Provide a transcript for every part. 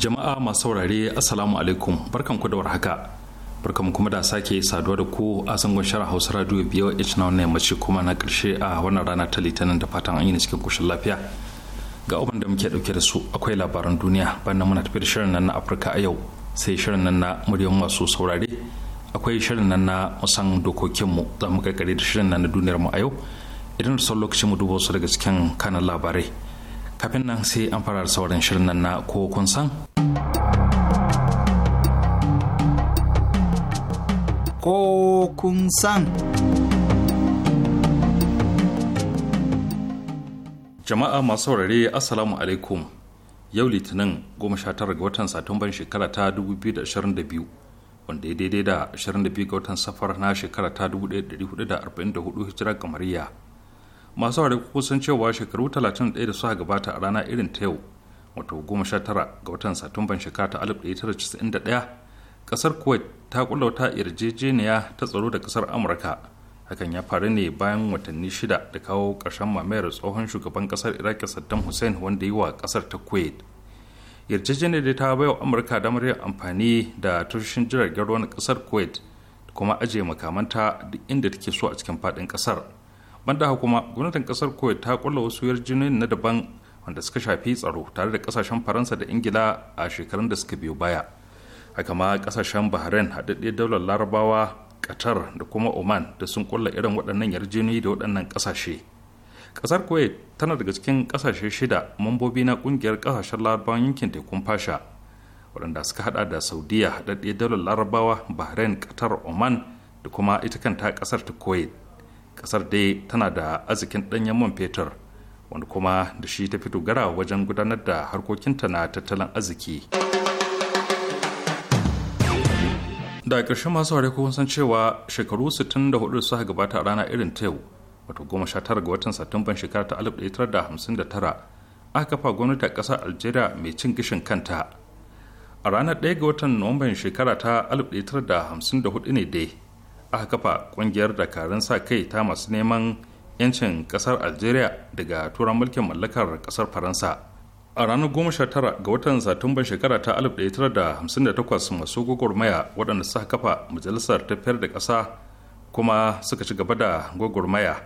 jama'a masu saurare assalamu alaikum barkan ku da warhaka barkamu kuma da sake saduwa da ku a sangon shara hausa radio biyo h na wannan yammaci kuma na karshe a wannan rana ta litinin da fatan an yi cikin koshin lafiya ga abin da muke dauke da su akwai labaran duniya bayan muna tafi da shirin nan na afirka a yau sai shirin nan na muryan masu saurare akwai shirin nan na musan dokokinmu za mu gari da shirin nan na duniyar mu a yau idan da son lokacin mu duba su daga cikin kanan labarai kafin nan sai an fara da sauran shirin nan na ko kun san ko kun san. Jama'a masu saurare Assalamu alaikum yau litinin 19 ga watan Satumban shekara ta 2022 wanda ya daidai da 22 ga watan safar na shekara ta 1444 hijira kamariya. Masu saurare kusan cewa shekaru 31 da suka gabata a rana irin ta yau wato 19 ga watan Satumban shekara ta 1991 kasar kuwait ta wata yarjejeniya ta tsaro da kasar amurka hakan ya faru ne bayan watanni shida da kawo ƙarshen mamayar tsohon shugaban kasar iraki saddam hussein wanda yi wa kasar ta kuwait yarjejeniyar da ta wa amurka damar yin amfani da tushen jiragen ruwan kasar kuwait kuma ajiye makamanta duk inda take so a cikin faɗin kasar banda haka kuma gwamnatin kasar kuwait ta kulla wasu yarjejeniyoyin na daban wanda suka shafi tsaro tare da kasashen faransa da ingila a shekarun da suka biyo baya haka ma kasashen bahrain haɗaɗɗe daular larabawa qatar da kuma oman da sun kulla irin waɗannan yarjejeniyoyi da waɗannan ƙasashe ƙasar kuwait tana daga cikin ƙasashe shida mambobi na ƙungiyar ƙasashen larabawan yankin tekun fasha waɗanda suka haɗa da saudiya haɗaɗɗe daular larabawa bahrain qatar oman da kuma ita kanta ƙasar ta kuwait ƙasar dai tana da arzikin ɗanyen man fetur wanda kuma da shi ta fi dogara wajen gudanar da harkokinta na tattalin arziki. da ƙarshe masu ware kuma san cewa shekaru 64 suka gabata a rana irin ta yau wato 19 ga watan satumban shekara ta 1959 aka kafa gwamnati a ƙasar algeria mai cin gishin kanta a ranar 1 ga watan nuwamban shekara ta 1954 ne dai aka kafa ƙungiyar dakarun sa kai ta masu neman 'yancin ƙasar algeria daga turan mulkin mallakar ƙasar faransa a ranar goma sha tara ga watan satumban shekara ta alif tara da da hamsin takwas masu gwagwarmaya waɗanda suka kafa majalisar tafiyar da ƙasa kuma suka ci gaba da gwagwarmaya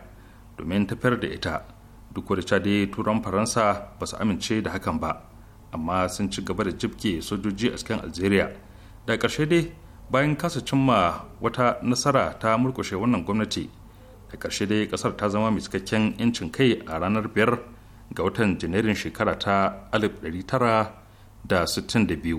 domin tafiyar da ita duk da cade turan faransa ba su amince da hakan ba amma sun ci gaba da jibke sojoji a cikin algeria da ƙarshe dai bayan kasa cimma wata nasara ta murkushe wannan gwamnati da karshe dai ƙasar ta zama mai cikakken 'yancin kai a ranar biyar ga watan janairun shekara ta 1962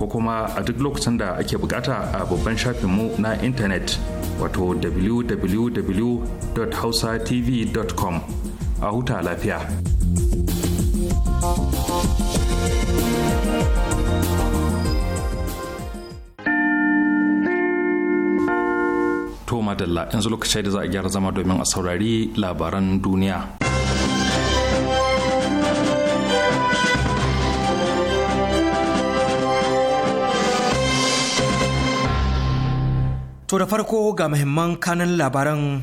ko kuma a duk lokacin da ake bukata a babban shafinmu na intanet wato www.hausatv.com a huta lafiya. To madalla yanzu lokacin da za a gyara zama domin a saurari labaran duniya. To da farko ga muhimman kanan labaran.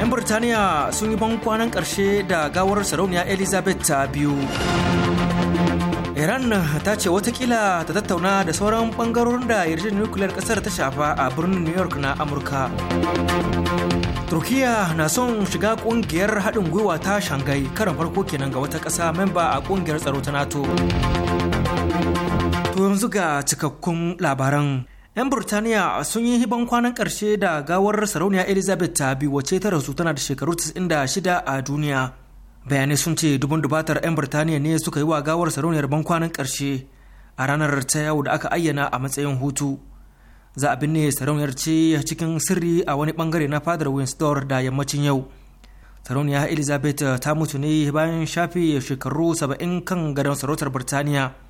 ‘Yan Birtaniya sun yi ban kwanan ƙarshe da gawar sarauniya Elizabeth ta biyu. Iran ta ce watakila ta tattauna da sauran ɓangarorin da yarjejin nukiliyar ƙasar ta shafa a birnin New York na Amurka. Turkiya na son shiga ƙungiyar haɗin gwiwa ta Shanghai karan farko kenan ga wata ƙasa memba a ƙungiyar tsaro ta NATO. To yanzu ga cikakkun labaran. 'Yan Burtaniya sun yi hiban kwanan ƙarshe da gawar sarauniya Elizabeth ta biyu wace ta rasu tana da shekaru 96 a duniya. Bayanai sun ce dubun dubatar 'yan Burtaniya ne suka yi wa gawar sarauniyar ban kwanan ƙarshe a ranar ta yau da aka ayyana a matsayin hutu. Za a binne sarauniyar ce cikin sirri a wani bangare na fadar Windsor da yammacin yau. Sarauniya Elizabeth ta mutu ne bayan shafe shekaru 70 kan gadon sarautar Burtaniya.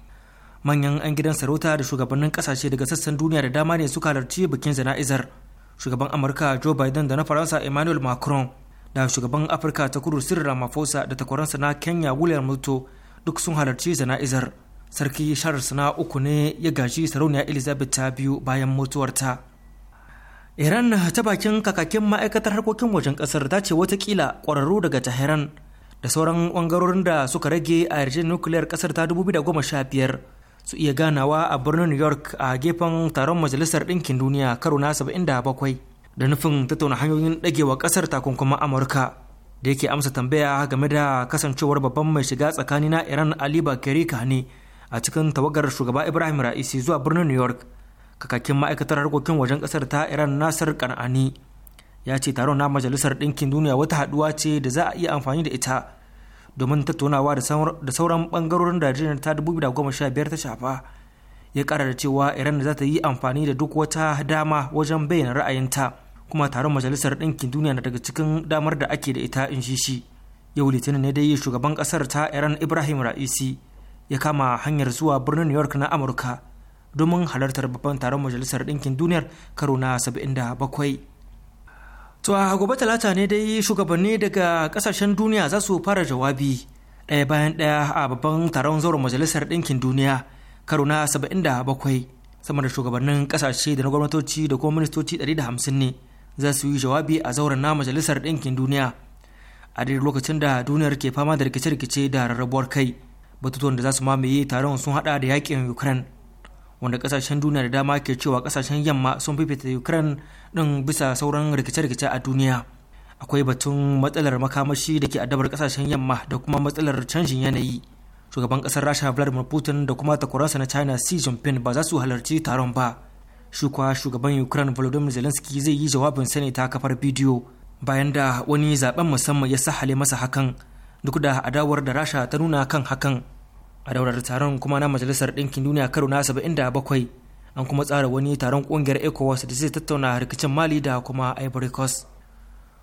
manyan 'yan gidan sarauta da shugabannin kasashe daga sassan duniya da dama ne suka halarci bikin jana'izar shugaban amurka joe biden da na faransa emmanuel macron da shugaban afirka ta kudu sirri ramaphosa da takwaransa na kenya william ruto duk sun halarci jana'izar sarki charles na uku ne ya gaji sarauniya elizabeth ta biyu bayan mutuwarta iran ta bakin kakakin ma'aikatar harkokin wajen kasar ta ce watakila kwararru daga tehran da sauran bangarorin da suka rage a yarjejeniyar nukiliyar kasar ta 2015 su iya ganawa a birnin new york a gefen taron majalisar ɗinkin duniya karo na 77 da nufin tattauna hanyoyin ɗagewa ƙasar takunkuman amurka da yake amsa tambaya game da kasancewar babban mai shiga tsakani na iran ali bakari Kani a cikin tawagar shugaba ibrahim ra'isi zuwa birnin new york kakakin ma'aikatar harkokin wajen ƙasar ta iran nasir kan'ani ya ce taron na majalisar ɗinkin duniya wata haɗuwa ce da za a iya amfani da ita domin tattaunawa da sauran bangarorin da yarjejeniyar ta 2015 ta shafa ya kara da cewa iran za ta yi amfani da duk wata dama wajen bayyana ra'ayinta kuma taron majalisar ɗinkin duniya na daga cikin damar da ake da ita in shi yau litinin ne dai shugaban ƙasar ta iran ibrahim ra'isi ya kama hanyar zuwa birnin new york na amurka domin halartar babban taron majalisar ɗinkin duniyar karo na 77 To a gobe talata ne dai shugabanni daga kasashen duniya za su fara jawabi ɗaya bayan ɗaya a babban taron zauren majalisar ɗinkin duniya karo na 77 sama da shugabannin kasashe da na gwamnatoci da kuma ministoci 150 ne za su yi jawabi a zauren na majalisar ɗinkin duniya a daidai lokacin da duniyar ke fama da rikice-rikice da rarrabuwar kai batutuwan da za su mamaye taron sun haɗa da yaƙin ukraine wanda kasashen duniya da dama ke cewa kasashen yamma sun fifita ukraine din bisa sauran rikice-rikice a duniya akwai batun matsalar makamashi da ke addabar kasashen yamma da kuma matsalar canjin yanayi shugaban kasar rasha vladimir putin da kuma takwaransa na china xi jinping ba za su halarci taron ba shi kuwa shugaban ukraine volodymyr zelensky zai yi jawabin sani ta kafar bidiyo bayan da wani zaben musamman ya sahale masa hakan duk da adawar da rasha ta nuna kan hakan a daular taron kuma na majalisar ɗinkin duniya karo na 77 an kuma tsara wani taron ƙungiyar ecowas da zai tattauna rikicin mali da kuma ivory coast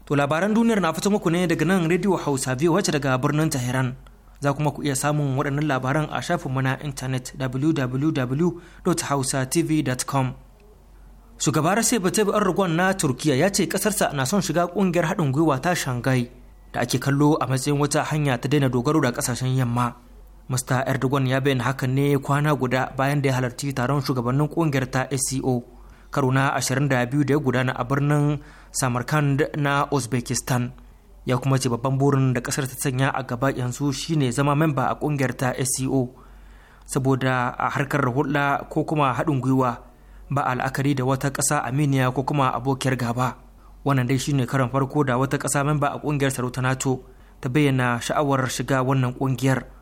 to labaran duniyar na fito muku ne daga nan radio hausa biyu wacce daga birnin tehran za kuma ku iya samun waɗannan labaran a shafin na intanet www.hausatv.com shugaba recep tayyip erdogan na turkiya ya ce ƙasarsa na son shiga ƙungiyar haɗin gwiwa ta shangai da ake kallo a matsayin wata hanya ta daina dogaro da kasashen yamma Mr. Erdogan ya bayyana hakan ne kwana guda bayan da ya halarci taron shugabannin kungiyar ta SCO karo na 22 da ya gudana a birnin Samarkand na Uzbekistan. Ya kuma ce babban burin da kasar ta sanya a gaba yanzu shine zama memba a kungiyar ta SCO saboda a harkar hulɗa ko kuma haɗin gwiwa ba al'akari da wata ƙasa aminiya ko kuma abokiyar gaba. wannan dai shine karan farko da wata ƙasa memba a kungiyar sarauta ta nato ta bayyana sha'awar shiga wannan kungiyar.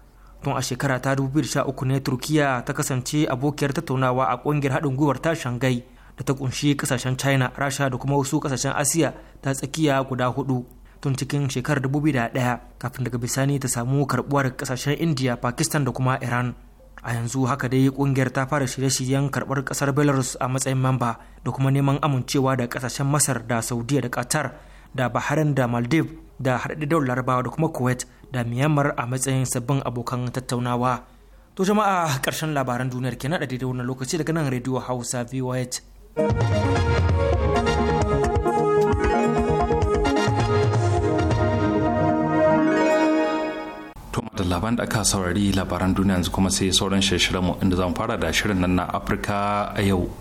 tun a shekara ta 2013 ne turkiya ta kasance abokiyar tattaunawa a kungiyar haɗin gwiwar ta shangai da ta kunshi kasashen china rasha da kuma wasu kasashen asiya ta tsakiya guda hudu tun cikin shekarar da 2001 kafin daga bisani ta samu karbuwa daga kasashen india pakistan da kuma iran a yanzu haka dai kungiyar ta fara shirye-shiryen karɓar kasar belarus a matsayin mamba da kuma neman amincewa da kasashen masar da saudiya da qatar da bahrain da maldives da haɗaɗɗen larabawa da kuma kuwait da Myanmar a matsayin sabbin abokan tattaunawa. To jama'a ƙarshen labaran duniyar kenan da daidai wannan lokaci daga nan rediyo Hausa VOH. da labaran da aka saurari labaran duniya yanzu kuma sai sauran shirye-shiryenmu inda zan fara da shirin nan na Afirka a yau.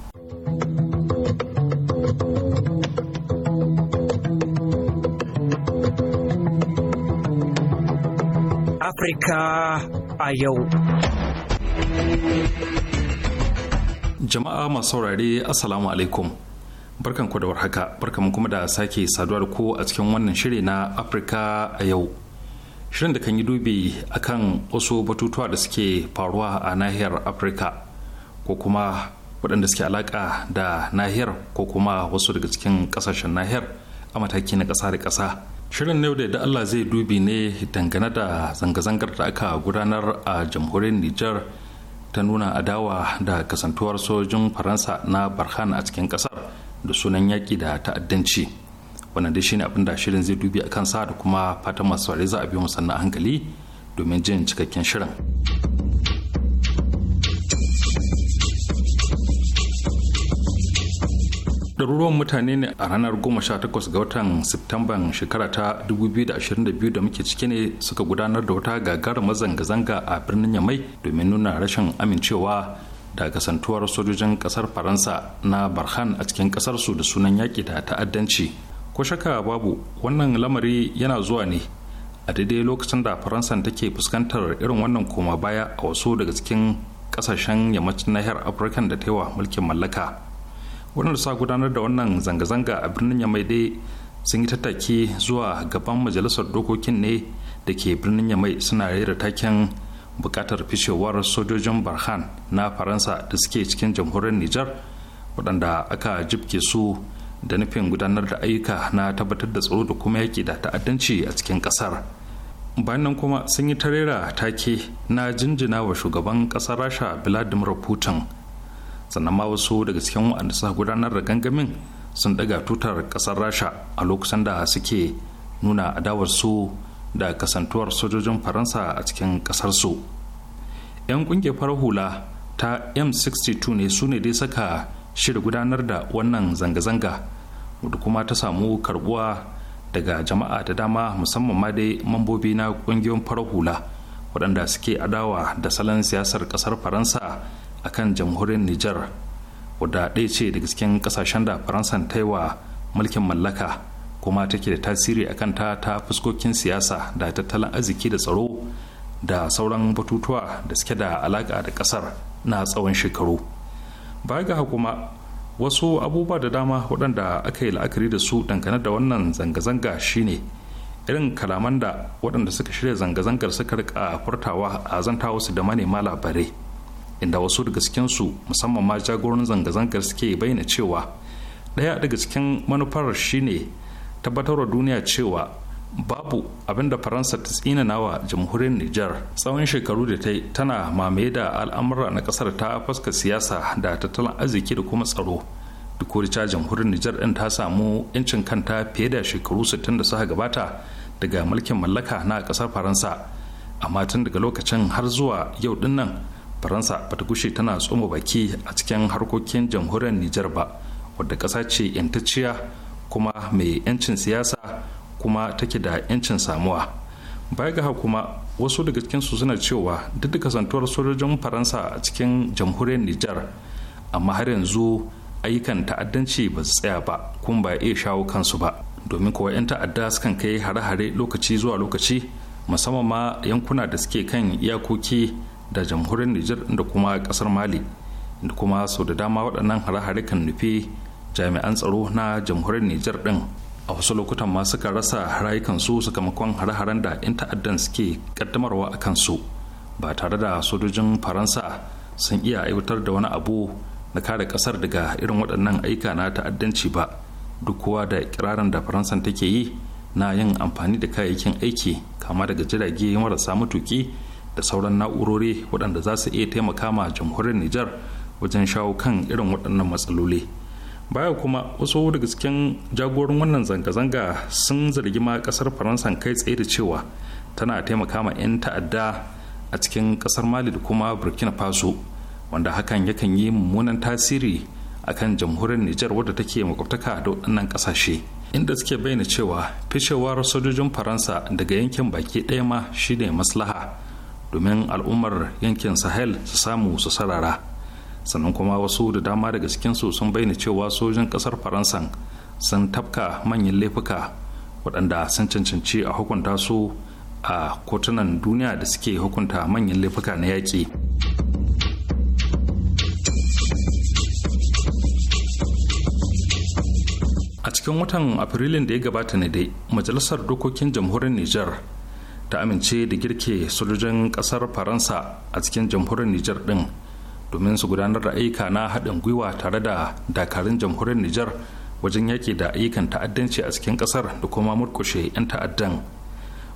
Afirka a yau. Jama'a masu saurare Assalamu alaikum. Barkan ku da warhaka, barkan kuma da sake saduwa da ku a cikin wannan shiri na Afirka a yau. Shirin da kan yi dubi kan wasu batutuwa da suke faruwa a nahiyar Afirka ko kuma waɗanda suke alaƙa da nahiyar ko kuma wasu daga cikin ƙasashen nahiyar a mataki na ƙasa da ƙasa. shirin yau da Allah zai dubi ne dangane da zanga-zangar da aka gudanar a jamhuriyar Nijar ta nuna adawa da kasantuwar sojin Faransa na Barhan a cikin kasar da sunan yaƙi da ta'addanci. Wannan dai shine abin da shirin zai dubi a kansa da kuma fatan masu za a biyo musamman hankali domin jin cikakken shirin. ɗaruruwan mutane ne a ranar 18 ga watan Septamban shekara ta 2022 da muke cike ne suka gudanar da wata gagarumar mazanga zanga a birnin Yamai domin nuna rashin amincewa da kasantuwar sojojin kasar Faransa na Barhan a cikin kasarsu da sunan yaƙi da ta'addanci. Ko shaka babu wannan lamari yana zuwa ne a daidai lokacin da faransa take fuskantar irin wannan koma baya a wasu daga cikin kasashen yammacin nahiyar afirka da ta yi wa mulkin mallaka waɗanda sa gudanar da wannan zanga-zanga a birnin yamaide sun yi tattaki zuwa gaban majalisar dokokin ne da ke birnin yamai suna rera taken bukatar fishewar sojojin barhan na faransa da suke cikin jamhuriyar nijar waɗanda aka jibke su da nufin gudanar da ayyuka na tabbatar da tsaro da kuma yaƙi da ta'addanci a cikin ƙasar bayan nan kuma sun yi rera take na jinjina wa shugaban ƙasar rasha vladimir putin sannan ma wasu daga cikin waɗanda suka gudanar da gangamin sun daga tutar ƙasar rasha a lokacin da suke nuna adawarsu da kasantuwar sojojin faransa a cikin ƙasarsu 'yan ƙungiyar farar hula ta m62 ne su ne dai saka shirya gudanar da wannan zanga-zanga wadda kuma ta samu karbuwa daga jama'a da dama musamman ma dai mambobi na ƙungiyoyin farar hula waɗanda suke adawa da salon siyasar ƙasar faransa a kan jamhuriyar nijar wadda ɗaya ce daga cikin ƙasashen da faransan ta yi wa mulkin mallaka kuma take da tasiri a kanta ta fuskokin siyasa da tattalin arziki da tsaro da sauran batutuwa da suke da alaƙa da ƙasar na tsawon shekaru baya ga kuma wasu abubuwa da dama waɗanda aka yi la'akari da su dangane da wannan zanga-zanga shine irin kalaman da waɗanda suka shirya zanga-zangar suka rika furtawa a zanta wasu da manema labarai inda wasu daga su musamman ma jagoran zanga-zangar suke bayyana cewa ɗaya daga cikin manufar shine tabbatarwa duniya cewa babu abin da faransa ta tsina wa jamhuriyar niger tsawon shekaru da ta yi tana mamaye da al'amura na kasar ta faska siyasa da tattalin arziki da kuma tsaro duk da jamhuriyar niger din ta samu 'yancin kanta fiye da shekaru 60 da suka gabata daga mulkin mallaka na kasar faransa amma tun daga lokacin har zuwa yau dinnan faransa ba ta gushe tana tsoma baki a cikin harkokin jamhuriyar nijar ba wadda ƙasa ce yantacciya kuma mai yancin siyasa kuma take da yancin samuwa baya ga kuma wasu daga cikin su suna cewa duk da kasantuwar sojojin faransa a cikin jamhuriyar nijar amma har yanzu ayyukan ta'addanci ba su tsaya ba kuma ba iya shawo kansu ba domin kuwa 'yan ta'adda sukan kai hare-hare lokaci zuwa lokaci musamman ma yankuna da suke kan iyakoki da jamhuriyar nijar da kuma kasar mali da kuma sau da dama waɗannan hare-hare kan nufi jami'an tsaro na jamhuriyar nijar ɗin a wasu lokutan ma suka rasa su sakamakon hare-haren da 'yan ta'addan suke kaddamarwa a kansu ba tare da sojojin faransa sun iya aiwatar da wani abu na kare kasar daga irin waɗannan aika na ta'addanci ba duk kowa da kirarin da faransa take yi na yin amfani da kayayyakin aiki kama daga jirage marasa matuki da sauran na'urori waɗanda za su iya taimaka ma jamhuriyar Nijar wajen shawo kan irin waɗannan matsaloli. Baya kuma wasu daga cikin jagorin wannan zanga-zanga sun zargi ma ƙasar Faransa kai tsaye da cewa tana taimaka ma 'yan ta'adda a cikin ƙasar Mali da kuma Burkina Faso wanda hakan yakan yi mummunan tasiri akan jamhuriyar Nijar wadda take makwabtaka da waɗannan ƙasashe. inda suke bayyana cewa fishewar sojojin faransa daga yankin baki ɗaya ma shine maslaha domin al'ummar yankin sahel su samu su sarara sannan kuma wasu da dama daga cikinsu sun bayyana cewa sojin kasar faransa sun tafka manyan laifuka waɗanda sun cancanci a hukunta su a kotunan duniya da suke hukunta manyan laifuka na yaƙi. a cikin watan afrilun da ya gabata ne dai majalisar dokokin jamhuriyar niger ta amince da girke sojojin kasar faransa a cikin jamhuriyar nijar din domin su gudanar da ayyuka na haɗin gwiwa tare da dakarun jamhuriyar nijar wajen yaƙi da ayyukan ta'addanci a cikin ƙasar da kuma murkushe 'yan ta'addan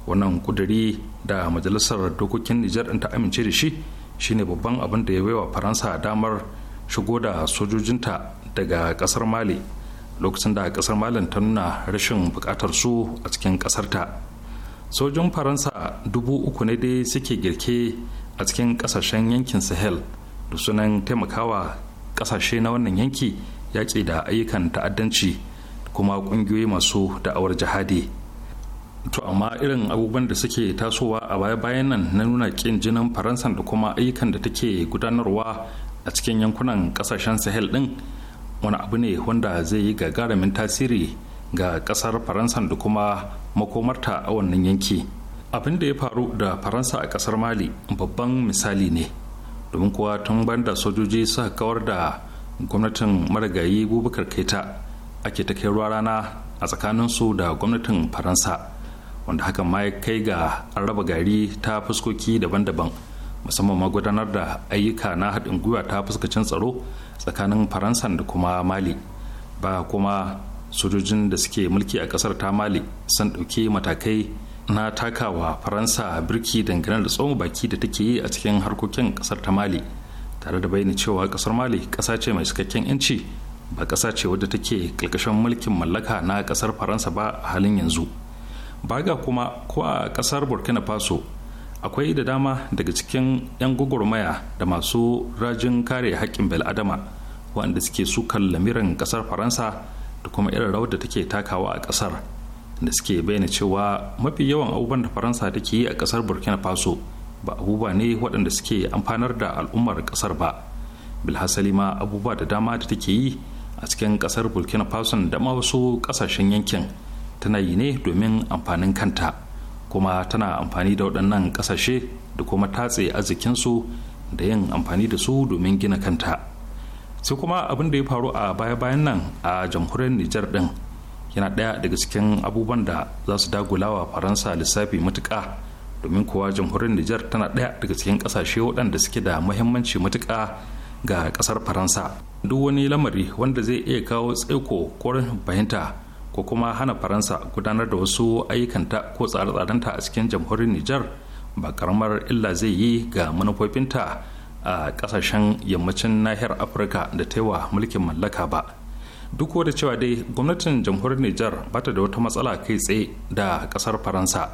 wannan kuduri da majalisar dokokin nijar ɗin ta amince da shi shine babban abin da ya wa faransa damar shigo da sojojinta daga ƙasar mali lokacin da ƙasar malin ta nuna rashin buƙatar su a cikin ƙasarta. ta sojin faransa dubu uku ne dai suke girke a cikin kasashen yankin sahel da sunan taimakawa kasashe na wannan yanki yaƙi da ayyukan ta'addanci kuma ƙungiyoyi masu da'awar jihadi to amma irin abubuwan da suke tasowa a baya-bayan nan na nuna ƙin jinin faransa da kuma ayyukan da take gudanarwa a cikin yankunan kasashen sahel ɗin wani abu ne wanda zai yi gagarumin tasiri ga ƙasar faransa da kuma makomarta a wannan yanki abin da ya faru da faransa a kasar mali babban misali ne domin kuwa tun da sojoji suka kawar da gwamnatin marigayi bubakar kaita ake ta kai ruwa rana a tsakanin su da gwamnatin faransa wanda hakan ma ya kai ga an raba gari ta fuskoki daban-daban musamman ma gudanar da ayyuka na haɗin gwiwa ta fuskacin tsaro tsakanin faransa da kuma mali ba kuma sojojin da suke mulki a kasar ta mali sun ɗauki matakai na takawa faransa birki dangane da tsawon baki da take yi a cikin harkokin kasar ta mali tare da bayyana cewa kasar mali ƙasa ce mai cikakken yanci ba ƙasa ce wadda take ƙarƙashin mulkin mallaka na kasar faransa ba a halin yanzu baga kuma ko a kasar burkina faso akwai da dama daga cikin 'yan gwagwarmaya da masu rajin kare haƙƙin bel'adama waɗanda suke sukan lamirin ƙasar faransa da kuma irin rawar da take takawa a kasar da suke bayyana cewa mafi yawan abubuwan da faransa take yi a kasar burkina faso ba abubuwa ne waɗanda suke amfanar da al'ummar kasar ba bilhassali ma abubuwa da dama da take yi a cikin kasar burkina faso da ma wasu ƙasashen yankin tana yi ne domin amfanin kanta kuma tana amfani da waɗannan kasashe da kuma tatse arzikinsu da yin amfani da su domin gina kanta. sai kuma abin da ya faru a baya-bayan nan a jamhuriyar nijar din yana ɗaya daga cikin abubuwan da za su wa faransa lissafi matuka domin kuwa jamhuriyar nijar tana ɗaya daga cikin ƙasashe waɗanda suke da muhimmanci matuka ga ƙasar faransa duk wani lamari wanda zai iya kawo tsaiko ko fahimta ko kuma hana faransa gudanar da wasu ayyukanta ko tsare-tsarenta a cikin jamhuriyar nijar ba karamar illa zai yi ga manufofinta a kasashen yammacin nahiyar afirka da ta wa mulkin mallaka ba duk da cewa dai gwamnatin jamhuriyar niger ba ta da wata matsala kai tsaye da kasar faransa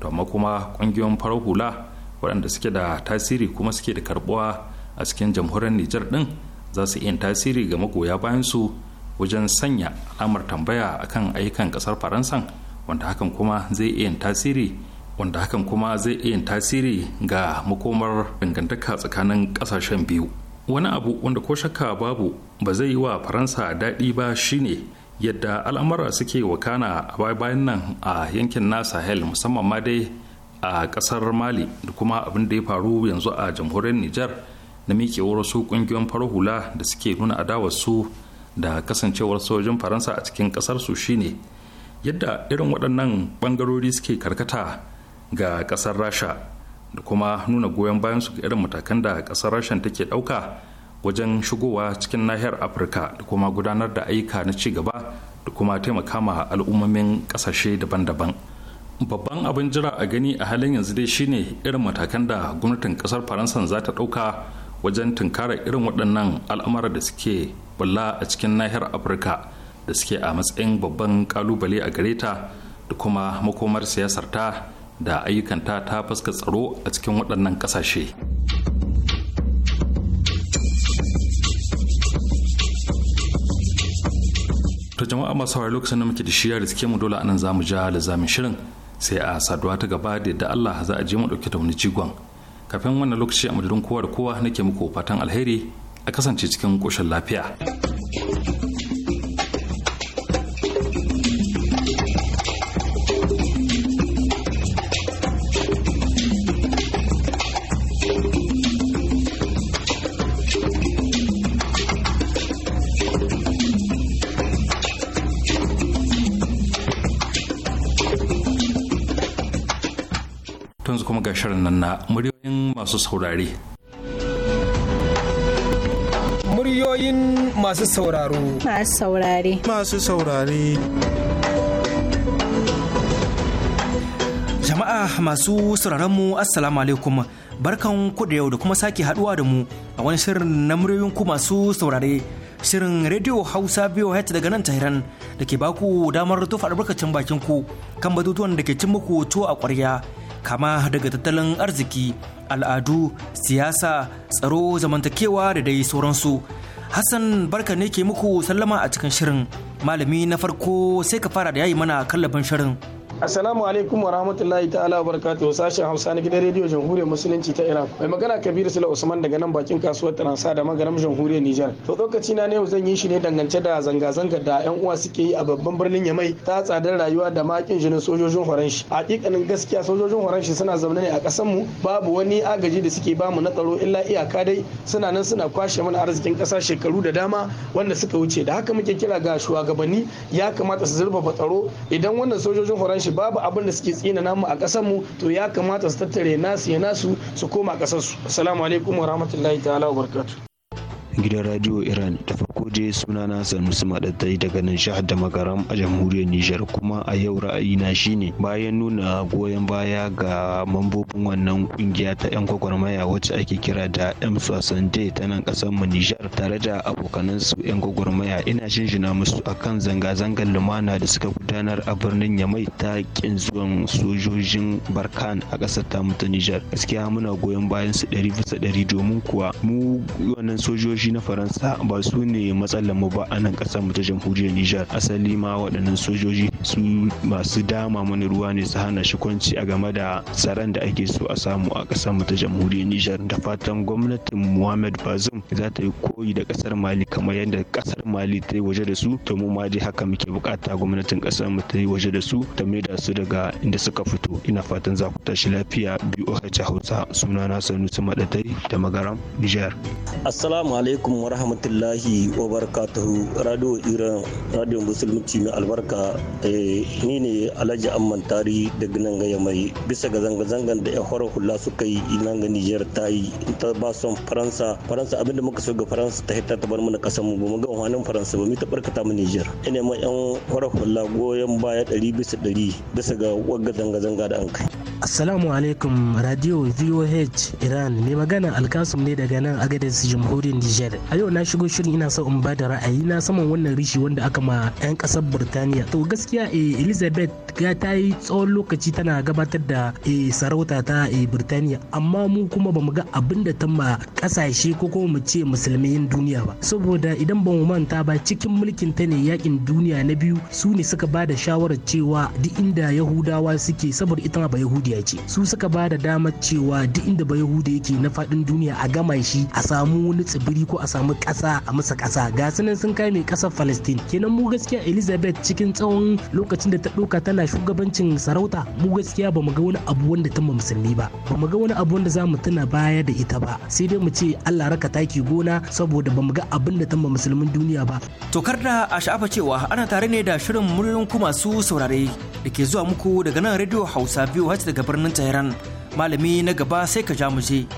to amma kuma kungiyoyin farar hula waɗanda suke da tasiri kuma suke da karbuwa a cikin jamhuriyar niger din za su iya tasiri ga magoya bayan su wajen sanya alamar tambaya akan ayyukan kasar faransan wanda hakan kuma zai iya tasiri wanda hakan kuma zai iya tasiri ga makomar dangantaka tsakanin kasashen biyu wani abu wanda ko shakka babu ba zai yi wa faransa daɗi ba shine yadda al'amura suke wakana a bayan nan a yankin na sahel musamman ma dai a ƙasar mali da kuma abin da ya faru yanzu a jamhuriyar nijar na miƙewar su ƙungiyoyin farar hula da suke nuna adawarsu da kasancewar sojin faransa a cikin ƙasarsu shine yadda irin waɗannan ɓangarori suke karkata ga kasar rasha da kuma nuna goyon bayan su ga irin matakan da kasar rashan take dauka wajen shigowa cikin nahiyar afirka da kuma gudanar da ayyuka na ci gaba da kuma taimaka ma al'ummomin kasashe daban-daban babban abin jira a gani a halin yanzu dai shine irin matakan da gwamnatin kasar faransa za ta dauka wajen tunkara irin waɗannan al'amura da suke bulla a cikin nahiyar afirka da suke a matsayin babban kalubale a gareta da kuma makomar siyasar ta da ayyukanta ta fuska tsaro a cikin waɗannan ƙasashe. to jama'a masu saurari lokacin da muke da shirya da suke mu dole anan za mu ja lizamin shirin sai a saduwa ta gaba da yadda Allah za a je mu ɗauke da wani jigon kafin wannan lokaci a madadin kowa da kowa nake muku fatan alheri a kasance cikin ƙoshin lafiya. ga shirin nan na muryoyin masu saurare. Muryoyin masu sauraro. Masu saurare. Masu saurare. Jama'a masu sauraron mu Assalamu alaikum barkan ku da yau da kuma sake haduwa da mu a wani shirin na muryoyin ku masu saurare. shirin Radio Hausa VOH daga nan Tehran da ke baku damar tufa albarkacin bakin ku kan batutuwan da ke cin muku tuwo a ƙwarya kama daga tattalin arziki al'adu siyasa tsaro zamantakewa da dai sauransu hassan barka ne ke muku sallama a cikin shirin malami na farko sai ka fara da yayi mana kallafin shirin Assalamu alaikum wa rahmatullahi ta'ala wa barakatuh sashen Hausa na gidan rediyo Jamhuriyar Musulunci ta Iran. Mai magana Kabiru Sula Usman daga nan bakin kasuwar Transa da magaram Jamhuriyar Nijar. To lokaci na yau zan yi shi ne dangance da zanga-zanga da yan uwa suke yi a babban birnin Yamai ta tsadar rayuwa da makin jinin sojojin Horanshi. Hakikanin gaskiya sojojin Horanshi suna zaune ne a ƙasar mu babu wani agaji da suke bamu na tsaro illa iyaka dai suna nan suna kwashe mana arzikin ƙasa shekaru da dama wanda suka wuce da haka muke kira ga shugabanni ya kamata su zurfafa tsaro idan wannan sojojin Horanshi babu abin da suke tsina namu a ƙasar mu to ya kamata su tattare nasu ya nasu su koma ƙasar su assalamu alaikum wa rahmatullahi ta'ala wa barakatuh gidan radio iran da farko je suna na sanusi madaddai daga nan shahar da magaram a jamhuriyar nijar kuma a yau ra'ayina shine bayan nuna goyon baya ga mambobin wannan kungiya ta yan gwagwarmaya wacce ake kira da m sosante ta nan kasar mu nijar tare da abokanan su yan gwagwarmaya ina shinshina musu akan zanga-zangar lumana da suka gudanar a birnin yamai ta kin zuwan sojojin barkan a kasar ta ta nijar gaskiya muna goyon bayan su ɗari bisa ɗari domin kuwa mu wannan sojoji sojoji na faransa ba su ne matsalar mu ba a nan kasar mu ta jamhuriyar nijar asali ma waɗannan sojoji su masu dama mana ruwa ne su hana shi kwanci a game da tsaron da ake so a samu a kasar mu ta jamhuriyar nijar da fatan gwamnatin muhammad bazum za ta yi koyi da kasar mali kamar yadda kasar mali ta yi waje da su to mu ma dai haka muke bukata gwamnatin kasar mu ta yi waje da su ta maida su daga inda suka fito ina fatan za ku tashi lafiya biyu a hausa sunana sanusi madatai da magaram nijar assalamu alaikum wa rahmatullahi wa barakatuhu radio iran radio musulunci mai albarka eh, ni ne alhaji amman tari daga nan gaya mai bisa ga zanga-zangan da yan horar hula suka yi nan ga nijiyar ta yi ta ba son faransa faransa abinda muka so ga faransa ta hita ta bar mana kasan mu bamu ga wahanin faransa ba mu ta barkata mu nijiyar ina ma yan horar hula goyon baya ɗari bisa ɗari bisa ga wagga zanga-zanga da an kai assalamu alaikum radio voh iran mai magana alkasum ne daga nan agadez jamhuriyar nijiyar Niger. A yau na shigo shirin ina so in bada ra'ayi na saman wannan rishi wanda aka ma 'yan kasar Burtaniya. To gaskiya eh, Elizabeth ga ta yi tsawon lokaci tana gabatar da eh, sarauta ta eh, Burtaniya. amma mu kuma ba mu ga abin da ta ma kasashe ko kuma mu ce musulmin duniya ba. Saboda idan ba mu manta ba cikin mulkin ta ne yakin duniya na biyu su ne suka ba da shawarar cewa duk inda Yahudawa suke saboda ita ma ba Yahudiya ce. Su suka ba da damar cewa duk inda ba Yahuda yake na faɗin duniya a gama shi a samu wani tsibiri ko a samu ƙasa a masa ƙasa ga sunan sun kame ƙasar palestine kenan mu gaskiya elizabeth cikin tsawon lokacin da ta ɗauka tana shugabancin sarauta mu gaskiya ba mu ga wani abu wanda ta ba musulmi ba ba mu ga wani abu wanda za mu tuna baya da ita ba sai dai mu ce allah raka taki gona saboda ba mu ga abin da ta ba musulmin duniya ba. tokar da a sha'afa cewa ana tare ne da shirin muryoyin ku masu saurare da ke zuwa muku daga nan rediyo hausa biyu hajji daga birnin tehran malami na gaba sai ka ja mu je.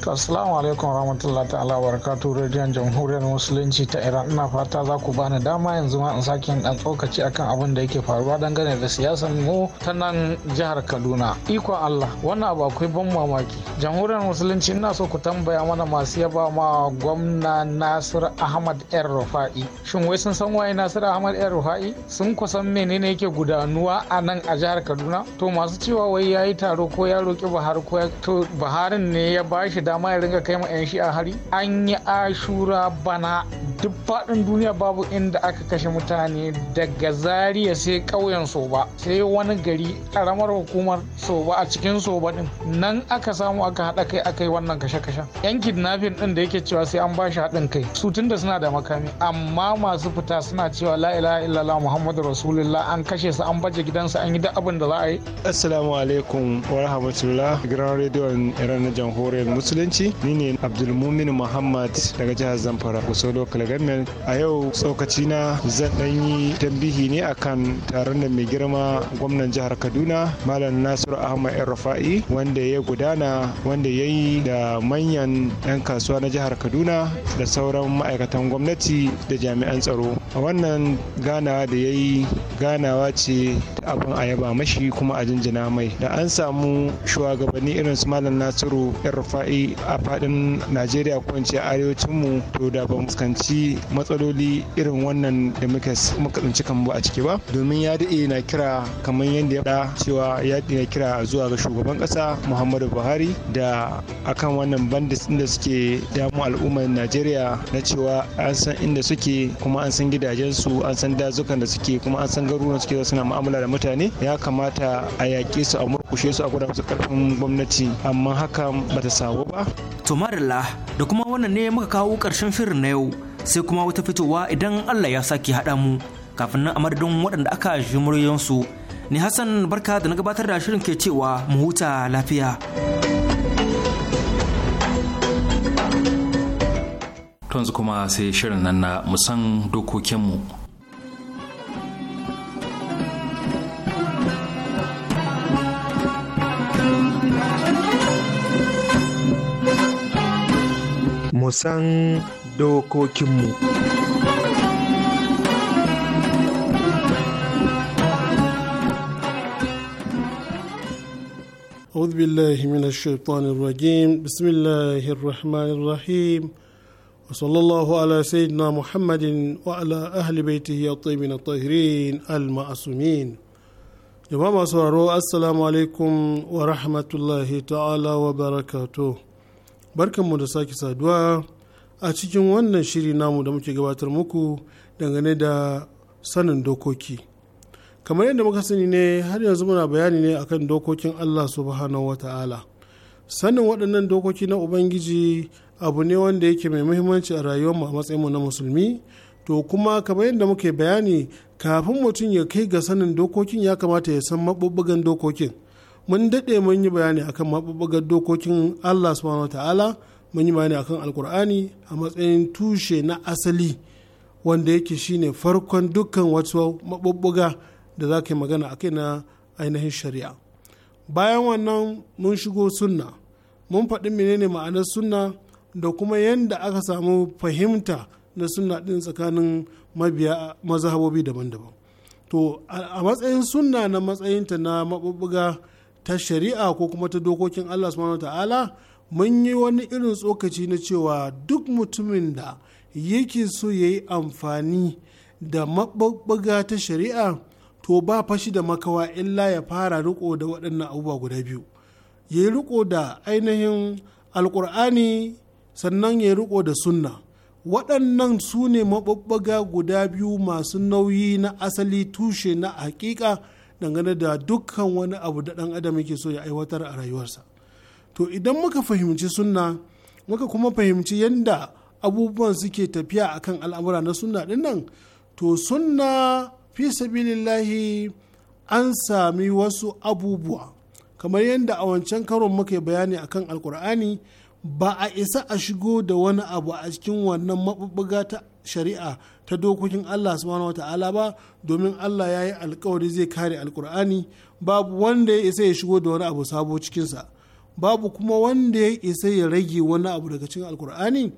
To assalamu alaikum warahmatullahi ta'ala barakatu rediyon jamhuriyar musulunci ta Iran ina fata za ku bani dama yanzu ma in sake dan tsokaci akan abin da yake faruwa dangane da siyasar mu ta nan jihar Kaduna. Ikon Allah wannan abu akwai ban mamaki. Jamhuriyar musulunci ina so ku tambaya mana masu yaba ma gwamna Nasir Ahmad Yar Rufa'i. Shin wai sun san waye Nasir Ahmad Yar Rufa'i? Sun kusan menene yake gudanuwa a nan a jihar Kaduna? To masu cewa wai ya yi taro ko ya roki Buhari ko Buharin ne ya bashi dama ya ringa kai ma 'yan a hari an yi ashura bana duk faɗin duniya babu inda aka kashe mutane daga zariya sai ƙauyen soba sai wani gari ƙaramar hukumar soba a cikin soba din nan aka samu aka haɗa kai aka yi wannan kashe-kashen yan kidnapping din da yake cewa sai an ba haɗin kai su tunda suna da makami amma masu fita suna cewa la ilaha illallah muhammadu rasulullah an kashe su an baje gidansu an yi duk abin da za a yi assalamu alaikum wa rahmatullah gidan rediyon iran na jamhuriyar musulmi musulunci ni ne abdulmumin muhammad daga jihar zamfara kuso local government a yau tsokaci na zan dan yi tambihi ne akan taron da mai girma gwamnan jihar kaduna malam nasiru ahmad yan rafa'i wanda ya gudana wanda ya yi da manyan 'yan kasuwa na jihar kaduna da sauran ma'aikatan gwamnati da jami'an tsaro a wannan ganawa da ya yi ganawa ce ta abin a yaba mashi kuma a jinjina mai da an samu shugabanni irin su malam nasiru yan rufa'i a faɗin najeriya ko in ce mu to da ba fuskanci matsaloli irin wannan da muka tsinci kanmu a ciki ba domin ya daɗe na kira kamar yadda ya faɗa cewa ya daɗe na kira zuwa ga shugaban ƙasa muhammadu buhari da akan wannan bandits da suke damu al'ummar najeriya na cewa an san inda suke kuma an san gidajensu an san dazukan da suke kuma an san garuruwan suke suna mu'amala da mutane ya kamata a yaƙe su a murkushe su a gwada su ƙarfin gwamnati amma hakan bata samu ba To marilla da kuma wannan ne muka kawo ƙarshen shirin na yau sai kuma wata fitowa idan Allah ya sake haɗa mu kafin nan a madadin waɗanda aka ji muryansu. Ni Hassan barka da na gabatar da shirin ke cewa mu huta lafiya. To kuma sai shirin nan na musan dokokinmu. mu san dokokinmu. أعوذ بالله من الشيطان الرجيم بسم الله الرحمن الرحيم وصلى الله على سيدنا محمد وعلى أهل بيته الطيبين الطاهرين المعصومين جماعة سورة السلام عليكم ورحمة الله تعالى وبركاته barkanmu da sake saduwa a cikin wannan shiri namu da muke gabatar muku dangane da sanin dokoki kamar yadda muka sani ne har yanzu muna bayani ne akan dokokin allah subhanahu wa ta'ala sanin waɗannan dokoki na ubangiji abu ne wanda yake mai muhimmanci a rayuwarmu a matsayinmu na musulmi to kuma kamar yadda muke bayani kafin mutum ya kai ga sanin dokokin ya kamata ya san maɓuɓɓugan dokokin mun daɗe mun yi bayani akan maɓuɓɓugar dokokin Allah subhanahu ta'ala mun yi bayani akan alkur'ani a matsayin tushe na asali wanda yake shine farkon dukkan wasu maɓuɓɓuga da za yi magana a kai na ainihin shari'a bayan wannan mun shigo sunna mun faɗi menene ma'anar sunna da kuma yadda aka samu fahimta na sunna ɗin tsakanin mabiya mazhabobi daban-daban to a matsayin sunna na matsayinta na maɓuɓɓuga ta shari'a ko kuma ta dokokin Allah subhanahu ta'ala mun yi wani irin tsokaci na cewa duk mutumin da yake so ya yi amfani da maɓaɓɓaga ta shari'a to ba fashi da makawa illa ya fara riko da waɗannan abubuwa guda biyu ya yi riko da ainihin alkur'ani sannan ya yi riko da sunna waɗannan su ne maɓaɓɓaga guda biyu masu nauyi na asali tushe na hakika dangane da dukkan wani abu da ɗan adam yake so ya aiwatar a rayuwarsa to idan muka fahimci sunna muka kuma fahimci yadda abubuwan suke tafiya akan al'amura na sunna din nan to sunna fi sabilillahi an sami wasu abubuwa kamar yadda a wancan karon muka yi bayani akan alkur'ani ba a isa a shigo da wani abu a cikin wannan mabubuga ta shari'a ta dokokin Allah subhanahu wata'ala ba domin Allah ya yi alkawari zai kare alkur'ani babu wanda ya isa ya shigo da wani abu sabo cikinsa babu kuma wanda ya isa ya rage wani abu daga cikin alkur'ani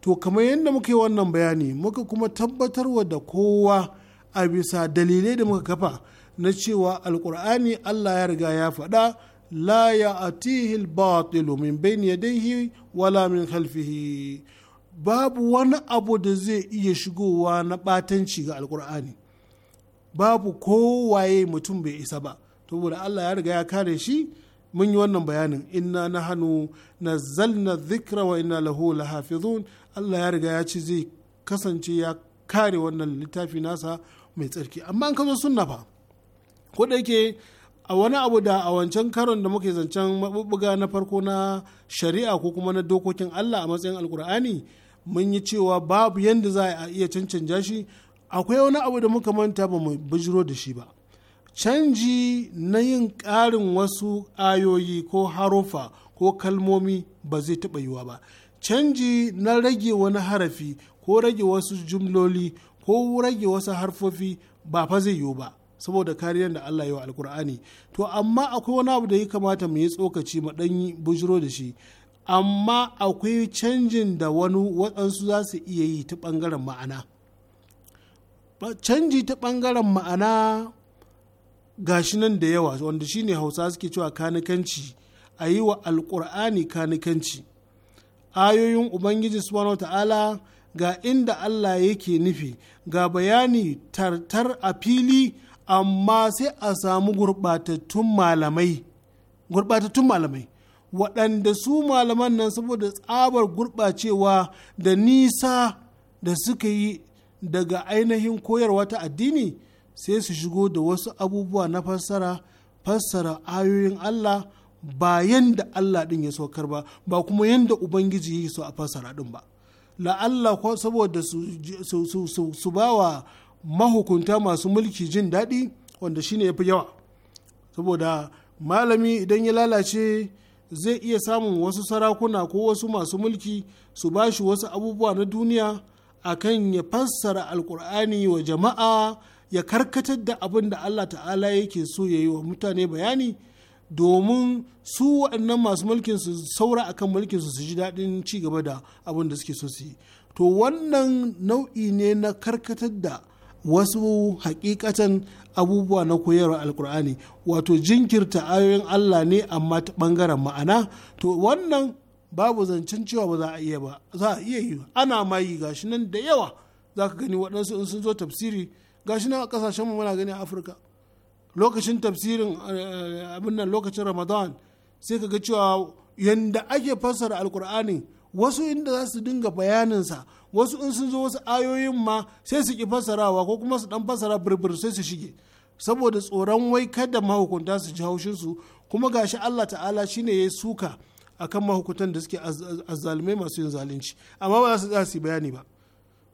to kamar yadda muka yi wannan bayani muka kuma tabbatar wa da kowa a bisa dalilai da muka kafa na cewa alkur'ani Allah ya riga ya faɗa la ya atihil batilu min bayni yadayhi wala min khalfihi babu wani abu da zai iya shigowa na batanci ga alkur'ani babu kowaye mutum bai isa ba to saboda allah ya riga ya kare shi mun yi wannan bayanin inna na hannu na zalna zikra wa inna lahu lahafizun allah ya riga ya ci zai kasance ya kare wannan littafi nasa mai tsarki amma an kazo sunna fa ko da yake a wani abu da a wancan karon da muke zancen mabubbuga na farko na shari'a ko kuma na dokokin Allah a matsayin alkur'ani mun yi cewa babu yadda za a iya cancanja shi akwai wani abu da muka manta ba mu bijiro da shi ba canji na yin ƙarin wasu ayoyi ko harufa ko kalmomi ba zai taɓa yiwa ba canji na rage wani harafi ko rage wasu jumloli ko rage wasu harfofi ba fa zai yiwu ba saboda kariyar da Allah ya yi wa alkur'ani to amma akwai wani abu da ya kamata mu yi tsokaci mu ɗan bujiro da shi amma akwai canjin da wani waɗansu za su iya yi ta ɓangaren ma'ana canji ta ɓangaren ma'ana gashi nan da yawa wanda shine hausa suke cewa kanikanci a yi wa alƙur'ani kanikanci ayoyin ubangiji subhanahu ta'ala ga inda allah yake nufi ga bayani tartar a fili amma sai a samu gurɓatattun gurɓatattun malamai waɗanda su malaman nan saboda tsabar gurɓacewa da nisa da suka yi daga ainihin koyarwa ta addini sai su shigo da wasu abubuwa na fassara fassara ayoyin Allah ba yanda Allah ɗin ya saukar ba ba kuma yanda Ubangiji ya so a fassara ɗin ba la'alla ko saboda su ba mahukunta masu mulki jin daɗi wanda shine ya fi yawa saboda malami idan ya lalace zai iya samun wasu sarakuna ko wasu masu mulki su ba shi wasu abubuwa na duniya a kan ya fassara alkur'ani wa jama'a ya karkatar da abin da allah ta'ala yake so ya yi wa mutane bayani domin su waɗannan masu mulkin su saura a kan mulkin su su ji daɗin ci gaba da abin da suke so su yi to wannan nau'i ne na karkatar da wasu hakikatan abubuwa na koyarwa alkur'ani wato jinkirta ayoyin allah ne amma ta bangaren ma'ana to wannan babu zancen cewa ba za a iya ba za a iya yi ana ma yi gashi nan da yawa za ka gani waɗansu in sun zo tafsiri gashi nan a mu muna gani a afirka lokacin tafsirin eh, abin nan lokacin ramadan sai ka ga cewa yanda ake fassara alkur'ani wasu inda za su dinga bayaninsa wasu in sun zo wasu ayoyin ma sai su ki fasarawa ko kuma su dan fasara birbir sai su shige saboda tsoron wai kada mahukunta su ji haushin su kuma gashi Allah ta'ala shine ya suka akan mahukuntan da suke azzalumai masu yin zalunci amma ba za su yi bayani ba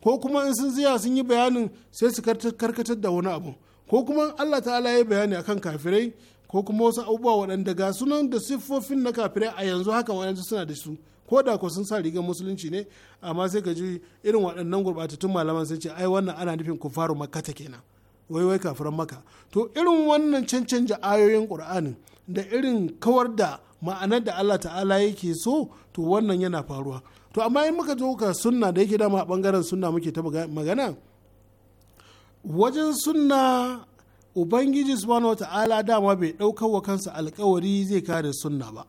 ko kuma in sun ziya sun yi bayanin sai su karkatar da wani abu ko kuma Allah ta'ala ya yi bayani akan kafirai ko kuma wasu abubuwa waɗanda ga sunan da siffofin na kafirai a yanzu haka waɗanda suna da su ko da ko sun sa rigar musulunci ne amma sai ka ji irin waɗannan gurɓatattun malaman sun ce ai wannan ana nufin kufaru ta kenan wai wai kafiran maka to irin wannan cancanja ayoyin ƙur'anin da irin kawar da ma'anar da Allah ta'ala yake so to wannan yana faruwa to amma in muka zo ka sunna da yake dama a bangaren sunna muke ta magana wajen sunna ubangiji subhanahu wa ta'ala dama bai ɗaukar wa kansa alkawari zai kare sunna ba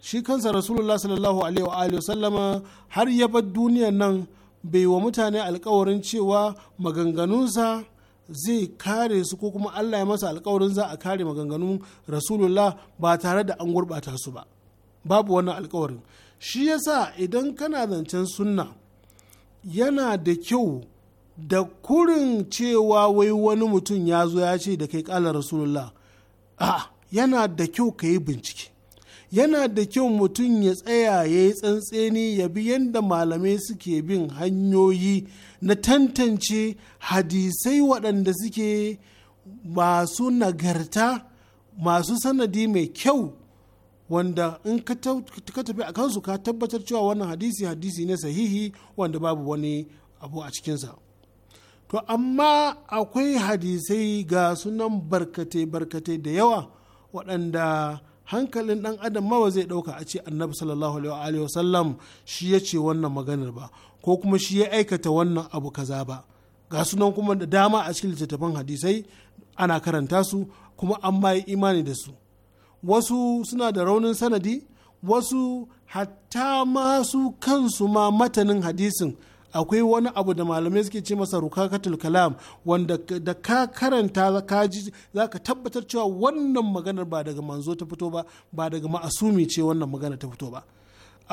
shi kansa rasulullah sallallahu alaihi wa sallama har ya bar duniyar nan bai wa mutane alkawarin cewa maganganunsa zai kare su ko kuma allah ya masa alkawarin za a kare maganganun rasulullah ba tare da an gurɓata su ba babu wannan alkawarin shi yasa idan kana zancen sunna yana da kyau da kurin cewa wai wani mutum ya zo ya ce da kai ƙalar rasulullah a yana da kyau ka yi bincike yana da kyau mutum ya tsaya ya yi tsantseni ya bi yadda malamai suke bin hanyoyi na tantance hadisai waɗanda suke masu nagarta masu sanadi mai kyau wanda in ka tafi a kansu ka tabbatar cewa wannan hadisi hadisi ne sahihi wanda babu wani abu a cikinsa to amma akwai hadisai ga sunan barkate barkatai da yawa waɗanda hankalin dan adam mawa zai dauka a ce annabi sallallahu alaihi sallam shi ya ce wannan maganar ba ko kuma shi ya aikata wannan abu kaza ba ga sunan kuma da dama a cikin littattafan hadisai ana karanta su kuma an ma yi imani da su wasu suna da raunin sanadi wasu hatta masu kansu ma matanin hadisin akwai wani abu da malamai suke ce masa rukakatul kalam wanda da ka karanta ka ji za ka tabbatar cewa wannan maganar ba daga manzo ta fito ba ba daga ma'asumi ce wannan magana ta fito ba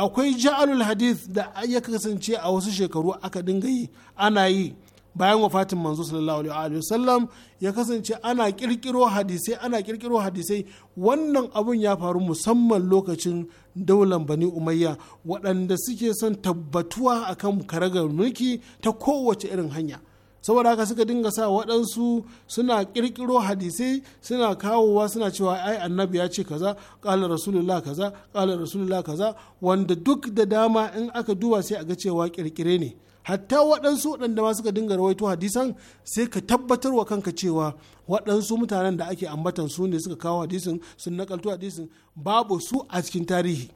akwai ja'alul hadith da ya kasance a wasu shekaru aka dinga yi ana yi bayan wafatin manzo sallallahu alaihi sallam ya kasance ana kirkiro hadisai ana kirkiro hadisai wannan abun ya faru musamman lokacin daular bani umayya waɗanda suke son tabbatuwa akan karagar mulki ta kowace irin hanya saboda haka suka dinga sa waɗansu suna ƙirƙiro hadisai suna kawowa suna cewa ai annabi ya ce kaza ƙala rasulullah kaza ƙala rasulullah kaza wanda duk da dama in aka duba sai a ga cewa ƙirƙire ne hatta waɗansu waɗanda ma suka dinga rawaito hadisan sai ka tabbatar wa kanka cewa waɗansu mutanen da ake ambatan su ne suka kawo hadisin sun nakalto hadisin babu su a cikin tarihi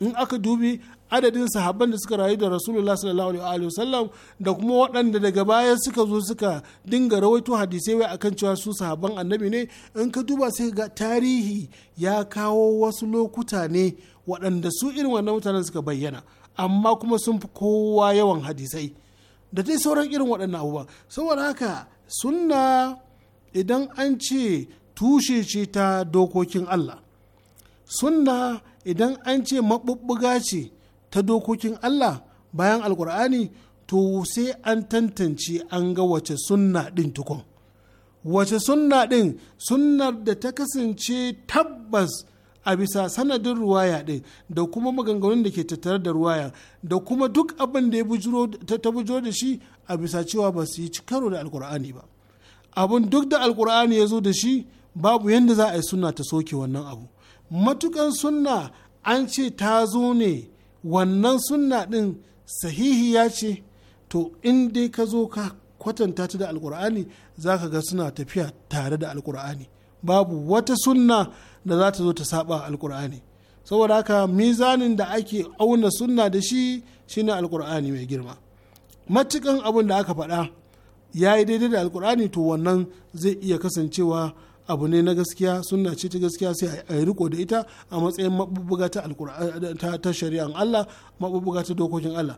in aka dubi adadin sahabban da suka rayu da rasulullah sallallahu alaihi wasallam da kuma waɗanda daga baya suka zo suka dinga rawaito hadisai wai akan cewa su sahabban annabi ne in ka duba sai ga tarihi ya kawo wasu lokuta ne waɗanda su irin wannan mutanen suka bayyana amma kuma sun fi kowa yawan hadisai da dai sauran irin waɗannan abubuwa saboda haka sunna idan an ce tushe ce ta dokokin Allah sunna idan an ce maɓuɓɓuga ce ta dokokin Allah bayan alkur'ani to sai an tantance an ga wace sunna ɗin tukun wace sunna ɗin sunnar da ta kasance tabbas a bisa sanadin ruwaya ɗin da kuma maganganun da ke tattare da ruwaya da kuma duk abin da ta bujiro da shi a bisa cewa ba su yi karo da alkur'ani ba abin duk da alkur'ani ya zo da shi babu yadda za a yi sunna ta soke wannan abu matukan sunna an ce ta zo ne wannan sunna ɗin ya ce to in dai ka zo ka kwatanta ta da alkur'ani za ka ga suna tafiya tare da alkur'ani babu wata sunna da za ta zo ta saba alkur'ani saboda haka mizanin da ake auna sunna da shi shine alkur'ani mai girma matukan abin da aka faɗa ya yi daidai da alkur'ani to wannan zai iya kasancewa abu ne na gaskiya sunna ce ta gaskiya sai a yi riko da ita a matsayin mabubuga ta ta shari'an Allah mabubuga ta dokokin Allah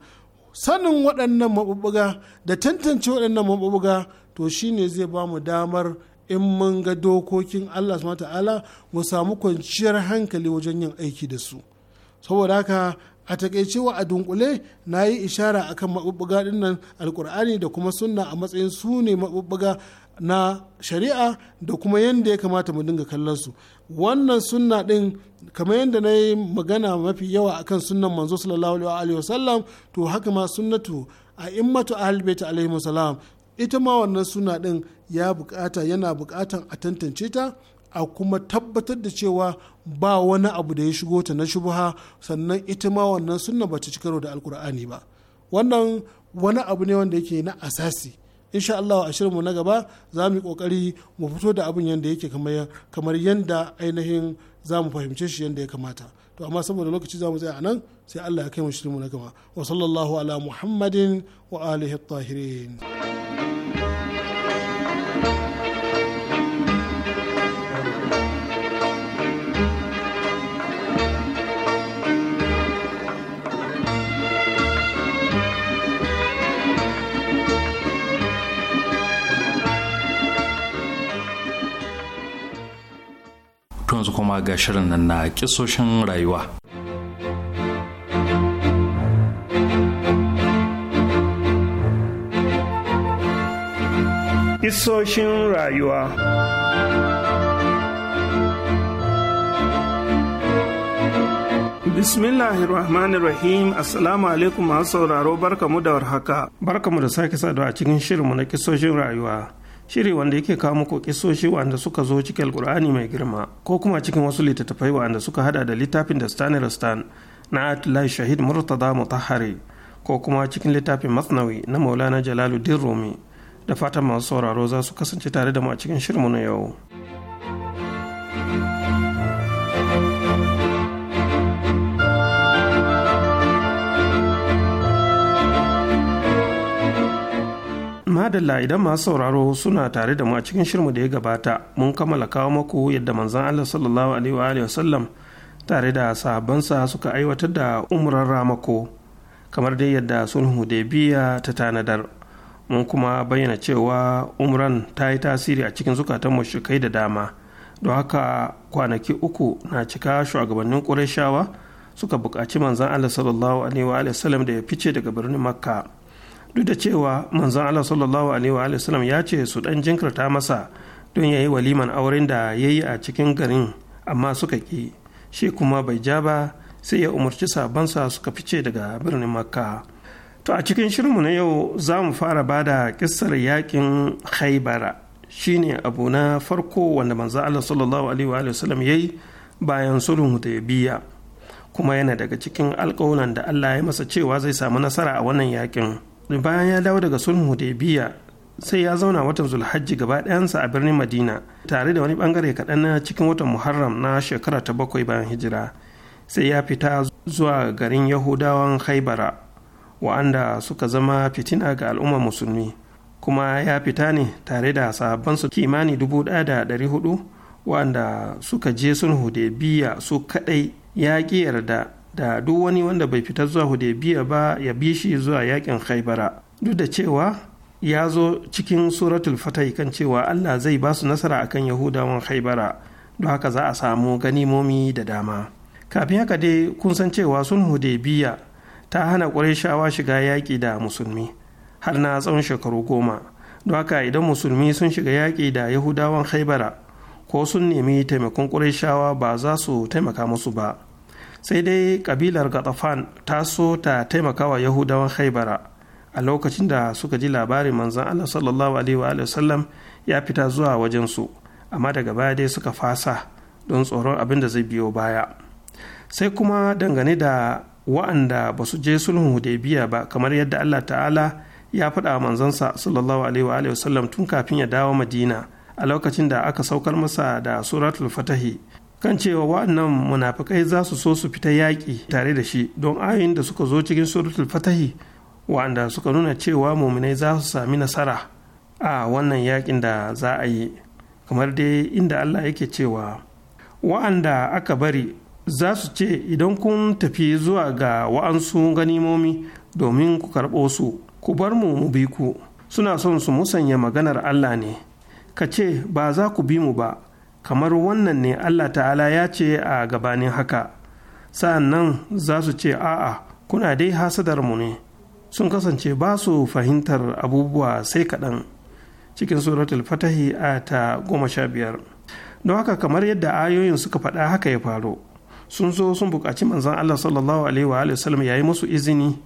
sanin waɗannan mabubuga da tantance waɗannan mabubuga to shine zai ba mu damar in mun ga dokokin Allah mata ta'ala mu samu kwanciyar hankali wajen yin aiki da su saboda haka a takaice wa a dunkule na yi ishara akan maɓuɓɓuga dinnan alkur'ani da kuma sunna a matsayin su ne maɓuɓɓuga na shari'a da kuma yadda ya kamata mu dinga kallon su wannan sunna din kamar yadda na yi magana mafi yawa akan sunnan manzo sallallahu alaihi sallam to haka ma sunnatu a immatu ahlbait alaihi wasallam ita ma wannan suna din ya bukata yana bukatan a tantance ta a kuma tabbatar da cewa ba wani abu da ya shigo ta na shubha sannan ita ma wannan sunna ba ta ci karo da alkur'ani ba wannan wani abu ne wanda yake na asasi insha Allah a mu na gaba za mu yi kokari mu fito da abin yadda yake kamar yadda ainihin za mu fahimce shi yadda ya kamata to amma saboda lokaci za mu tsaya a nan sai Allah ya kai mu shirinmu na gaba wa sallallahu ala muhammadin wa alihi tahirin kuma ga shirin nan na kisoshin rayuwa. Kisoshin rayuwa Bismillahirrahmanirrahim Assalamu alaikum masu sauraro barkamu da warhaka barkamu da sake saduwa a cikin shirinmu na kisoshin rayuwa shiri wanda yake kawo muku kisoshi wanda suka zo cikin alkur'ani mai girma ko kuma cikin wasu littattafai wanda suka hada da littafin da stan stan na atlai shahid murtada mutahari ko kuma cikin littafin masnawi na maulana jalaluddin rumi da fatan masu sauraro za su kasance tare da mu a cikin shirmu na yau. madalla idan masu sauraro suna tare da mu a cikin shirmu da ya gabata mun kammala kawo maku yadda manzan Allah sallallahu alaihi wa sallam tare da sahabbansa suka aiwatar da umrar ramako kamar dai yadda sulhu biya ta tanadar mun kuma bayyana cewa umran ta yi tasiri a cikin zukatan mushrikai da dama don haka kwanaki uku na cika shugabannin ƙurashawa suka buƙaci manzan Allah sallallahu alaihi wa sallam da ya fice daga birnin makka duk da cewa manzon Allah sallallahu alaihi wa sallam ya ce su dan jinkirta masa don yayi waliman auren da yayi a cikin garin amma suka ki shi kuma bai ja ba sai ya umarci sabansa suka fice daga birnin makka to a cikin shirinmu na yau za mu fara ba da kissar yakin haibara shine abu na farko wanda manzon Allah sallallahu alaihi wa sallam yayi bayan sulhun hudaybiya kuma yana daga cikin alƙawuran da Allah ya masa cewa zai samu nasara a wannan yakin bayan ya dawo daga sulhun hudaybiya sai ya zauna watan zulhajji gaba ɗayansa a birnin madina tare da wani bangare kaɗan na cikin watan muharram na shekara ta bakwai bayan hijira sai ya fita zuwa garin yahudawan haibara wa'anda suka zama fitina ga al'ummar musulmi kuma ya fita ne tare da su kimani dubu ɗaya da ɗari hudu wa'anda suka je sun biya su kaɗai ya ƙi yarda da duk wani wanda bai fita zuwa hudaybiya ba ya bi shi zuwa yakin khaibara duk da cewa ya zo cikin suratul fatai kan cewa allah zai ba su nasara akan yahudawan haibara don haka za a samu ganimomi da dama kafin haka dai kun san cewa sun hudaybiya ta hana ƙwarishawa shiga yaƙi da musulmi har na tsawon shekaru goma don haka idan musulmi sun shiga yaƙi da yahudawan haibara ko sun nemi taimakon ƙwarishawa ba za su taimaka musu ba sai dai kabilar gatsafan ta so ta taimakawa yahudawan haibara a lokacin da suka ji labarin manzan allah sallallahu alaihi wa sallam ya fita zuwa wajensu amma daga baya dai suka fasa don tsoron abin da zai biyo baya sai kuma dangane da wa'anda ba su je sulhun hudaybiya ba kamar yadda allah ta'ala ya faɗa wa manzansa sallallahu alaihi wa sallam tun kafin ya dawo madina a lokacin da aka saukar masa da suratul fatahi kan cewa waɗannan munafikai za su so su fita yaƙi tare da shi don ayoyin da suka zo cikin suratul fatahi waɗanda suka nuna cewa muminai za su sami nasara a wannan yaƙin da za a yi kamar dai inda Allah yake cewa wa'anda aka bari za su ce idan kun tafi zuwa ga wa'ansu ganimomi domin ku karɓo su ku bar mu mu bi ku suna son su musanya maganar Allah ne ka ce ba za ku bi mu ba kamar wannan ne Allah ta'ala ya ce a gabanin haka sa'an nan za su ce a'a kuna dai hasadar mu ne sun kasance ba su fahimtar abubuwa sai kaɗan cikin suratul fatahi a ta goma sha biyar don haka kamar yadda ayoyin suka faɗa haka ya faru sun zo sun buƙaci manzon Allah sallallahu alaihi wa sallam ya yi musu izini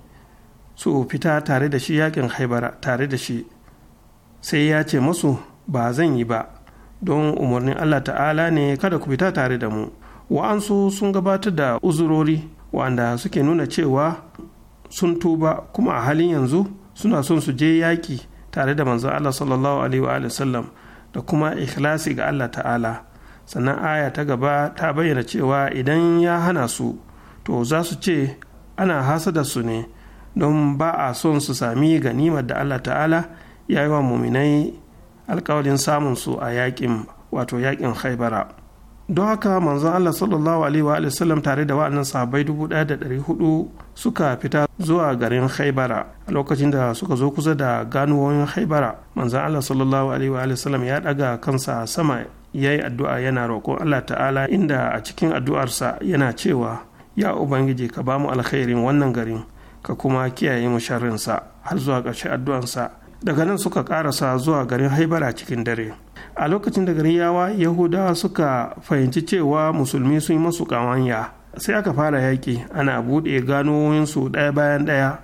su fita tare da shi yakin haibara tare da shi sai ya ce musu ba zan yi ba don umarnin Allah ta'ala ne kada ku fita tare da mu wa'ansu sun gabatar da uzurori wanda suke nuna cewa sun tuba kuma a halin yanzu suna son su je yaƙi tare da manzon Allah sallallahu alaihi wa sallam da kuma ikhlasi ga Allah ta'ala sannan aya ta gaba ta bayyana cewa idan ya hana su to za su ce ana hasada su ne don ba a son su sami ganimar da Allah ta'ala ya yi wa muminai alkawalin samun su a yakin wato yakin haibara don haka manzo Allah sallallahu alaihi wa sallam tare da wa'annan sahabbai 1400 suka fita zuwa garin haibara a lokacin da suka zo kusa da ganuwoyin haibara manzo Allah sallallahu alaihi wa sallam ya daga kansa sama ya yi addu'a yana roƙon Allah ta'ala inda a cikin addu'arsa yana cewa ya ubangiji ka bamu alkhairin wannan garin ka kuma kiyaye mu sharrinsa har zuwa ƙarshe addu'arsa daga nan suka karasa zuwa garin haibara cikin dare a lokacin da garin yawa yahudawa suka fahimci cewa musulmi sun yi masu kawanya sai aka fara yaƙi ana buɗe ganuwoyinsu ɗaya bayan ɗaya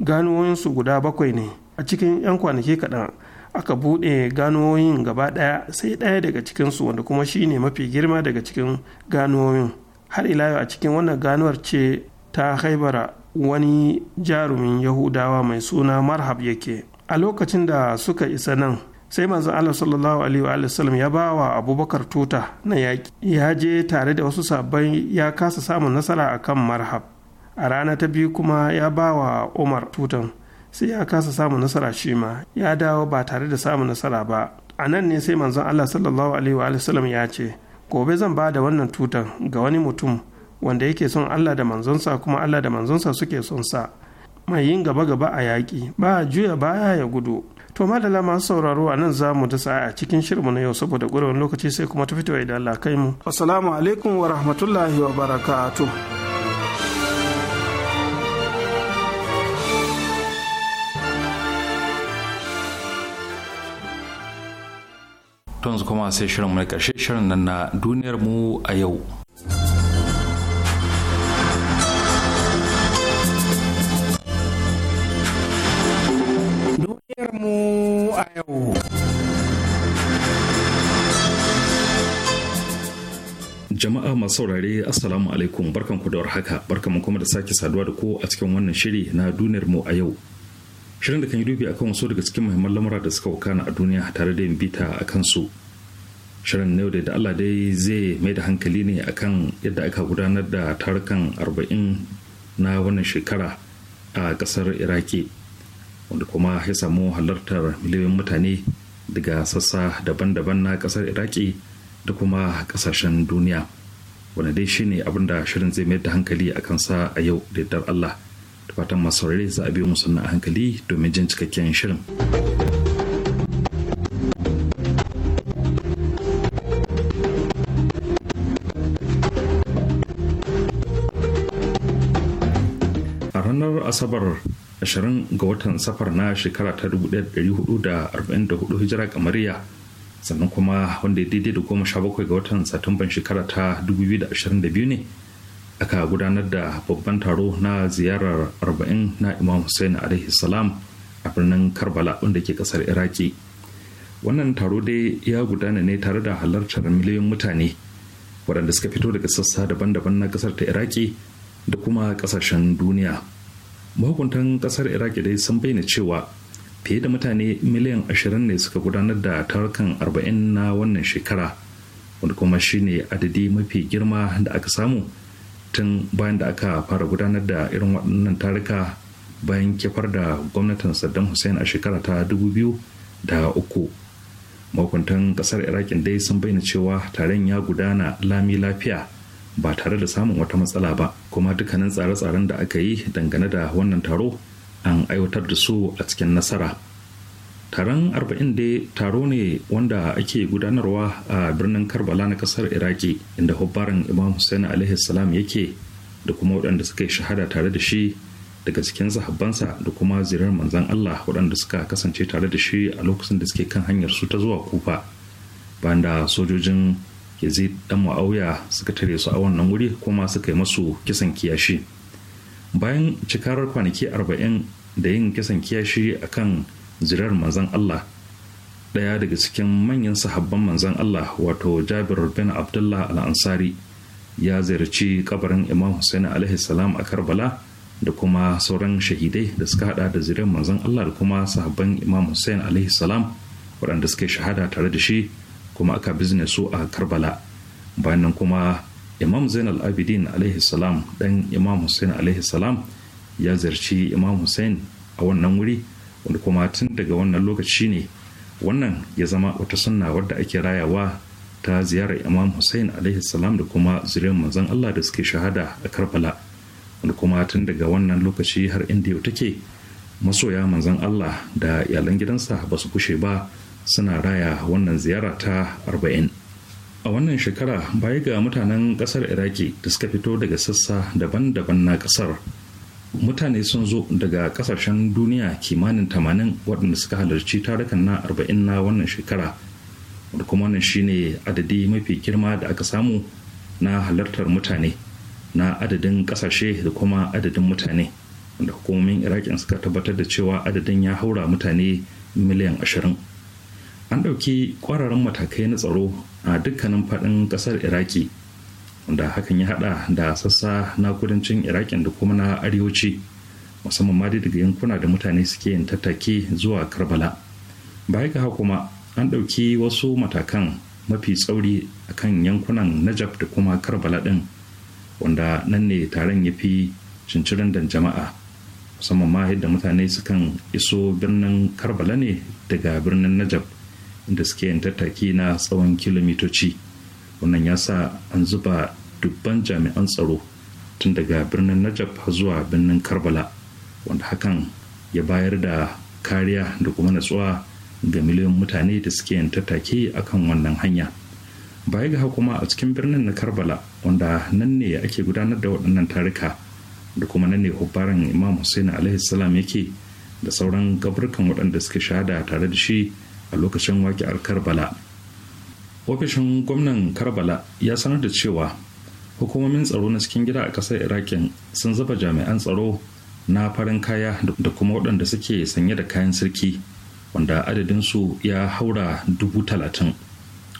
ganuwoyinsu guda bakwai ne a cikin 'yan kwanaki kaɗan aka buɗe ganuwoyin gaba ɗaya sai ɗaya daga cikinsu wanda kuma shine mafi girma daga cikin ganuwoyin. har ila a cikin wannan ganuwar ce ta haibara wani jarumin yahudawa mai suna marhab yake a lokacin da suka isa nan sai manzon Allah sallallahu alaihi wa sallam ya ba wa Abubakar tuta na yaƙi ya je tare da wasu sabbai ya kasa samun nasara a kan Marhab a rana ta biyu kuma ya ba wa Umar tutan sai ya kasa samun nasara shi ma ya dawo ba tare da samun nasara ba a nan ne sai manzon Allah sallallahu alaihi wa sallam ya ce gobe zan ba da wannan tutan ga wani mutum wanda yake son Allah da manzonsa kuma Allah da manzonsa suke son sa mai yin gaba-gaba a yaƙi ba juya baya ya gudu to madala masu sauraro a nan za mu ta a cikin shirmu na yau saboda ƙwarewar lokaci sai kuma ta fito idan Allah kai mu assalamu alaikum wa rahmatullahi wa barakatuh yanzu kuma sai shirin mai ƙarshe shirin nan na duniyar mu a yau Jama'a masu saurare Assalamu alaikum barkanku da warhaka barkanku kuma da sake saduwa da ku a cikin wannan shiri na duniyar mu a yau. Shirin da kan yi dubi akan wasu daga cikin muhimman lamura da suka wakana a duniya tare da yin bita a kansu. Shirin na yau da Allah dai zai mai da hankali ne akan yadda aka gudanar da tarukan arba'in na wannan shekara a kasar Iraki. wanda kuma ya samu halartar miliyoyin mutane daga sassa daban-daban na kasar iraki da kuma kasashen duniya wanda dai shine abin da shirin zai mayar da hankali a kansa a yau da yardar allah da fatan masu rare za a biyo sannan a hankali domin jin cikakken shirin a ranar asabar 20 ga watan safar na shekara ta 1444 hijira kamariya sannan kuma wanda ya daidai da goma sha bakwai ga watan satumban shekara ta 2022 ne aka gudanar da babban taro na ziyarar arba'in na imam hussein alaihi salam a birnin karbala wanda ke kasar iraki wannan taro dai ya gudana ne tare da halartar miliyoyin mutane waɗanda suka fito daga sassa daban-daban na kasar ta iraki da kuma ƙasashen duniya mahukuntan kasar iraq dai sun bayyana cewa fiye da mutane miliyan ashirin ne suka gudanar da tarukan arba'in na wannan shekara wanda kuma shine adadi mafi girma da aka samu tun bayan da aka fara gudanar da irin waɗannan taruka bayan kifar da gwamnatin saddam hussein a shekara ta da uku mahukuntan kasar iraki dai sun bayyana cewa taron ya gudana lami lafiya ba tare da samun wata matsala ba kuma dukkanin tsare-tsaren da aka yi dangane da wannan taro an aiwatar da su a cikin nasara taron arba'in dai taro ne wanda ake gudanarwa a birnin karbala na kasar iraki inda hubbaran imam hussein alaihi salam yake da kuma waɗanda suka yi shahada tare da shi daga cikin sahabbansa da kuma zirar manzan allah waɗanda suka kasance tare da shi a lokacin da suke kan hanyar su ta zuwa kufa bayan sojojin yazid dan mu'auya suka tare su a wannan wuri kuma suka yi masu kisan kiyashi bayan cikarar kwanaki arba'in da yin kisan kiyashi a kan zirar manzan allah ɗaya daga cikin manyan sahabban manzan allah wato jabir bin abdullah al'ansari ya ziyarci kabarin imam hussein alaihi salam a karbala da kuma sauran shahidai da suka hada da zirar manzan allah da kuma sahabban imam hussein alaihi salam waɗanda suka shahada tare da shi kuma aka bizne su a karbala bayan nan kuma imam zainal abidin alaihi salam dan imam hussein alaihi salam ya ziyarci imam hussein a wannan wuri wanda kuma tun daga wannan lokaci ne wannan ya zama wata sunna wadda ake rayawa ta ziyarar imam hussein alaihi salam da kuma zuriyar manzon allah da suke shahada a karbala wanda kuma tun daga wannan lokaci har inda yau take masoya manzon allah da iyalan gidansa ba su kushe ba suna raya wannan ziyara ta 40 a wannan shekara baya ga mutanen kasar iraki da suka fito daga sassa daban-daban na kasar mutane sun zo daga kasashen duniya kimanin tamanin waɗanda suka halarci tarukan na 40 na wannan shekara da kuma wannan shine adadi mafi girma da aka samu na halartar mutane na adadin kasashe da kuma adadin mutane da hukumomin iraki suka tabbatar da cewa adadin ya haura mutane miliyan ashirin an ɗauki ƙwararren matakai na tsaro a dukkanin faɗin ƙasar iraki wanda hakan ya haɗa da sassa na kudancin irakin da kuma na arewaci musamman ma da daga yankuna da mutane suke yin tattake zuwa karbala baya ga kuma an ɗauki wasu matakan mafi tsauri a kan yankunan najaf da kuma karbala ɗin wanda nan ne taron ya fi cincirin da jama'a musamman ma yadda mutane sukan iso birnin karbala ne daga birnin najaf da suke yin tattaki na tsawon kilomitoci wannan ya sa an zuba dubban jami'an tsaro tun daga birnin najaf zuwa birnin karbala wanda hakan ya bayar da kariya da kuma natsuwa ga miliyan mutane da suke yin tattaki akan wannan hanya baya ga kuma a cikin birnin na karbala wanda nan ne ake gudanar da waɗannan tarika da kuma nan ne hubbaran imam hussein alaihi salam yake da sauran gaburkan waɗanda suke shahada tare da shi a lokacin waƙi'ar karbala ofishin gwamnan karbala ya sanar da cewa hukumomin tsaro na cikin gida a ƙasar irakin sun zuba jami'an tsaro na farin kaya da kuma waɗanda suke sanye da kayan sarki wanda adadinsu ya haura dubu talatin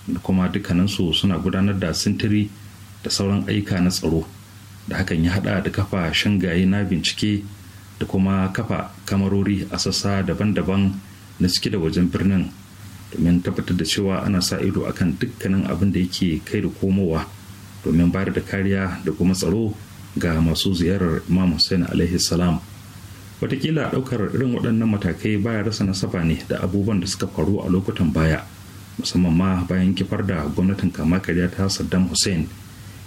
da kuma dukkaninsu suna gudanar da sintiri da sauran aika na tsaro da hakan ya haɗa da kafa shingaye na bincike da kuma kafa kamarori a sassa daban-daban na cike da wajen birnin domin tabbatar da cewa ana sa ido akan dukkanin abin da yake kai da komowa domin bayar da kariya da kuma tsaro ga masu ziyarar imam hussein alaihi salam watakila ɗaukar irin waɗannan matakai baya rasa nasaba ne da abubuwan da suka faru a lokutan baya musamman ma bayan kifar da gwamnatin kama karya ta saddam hussein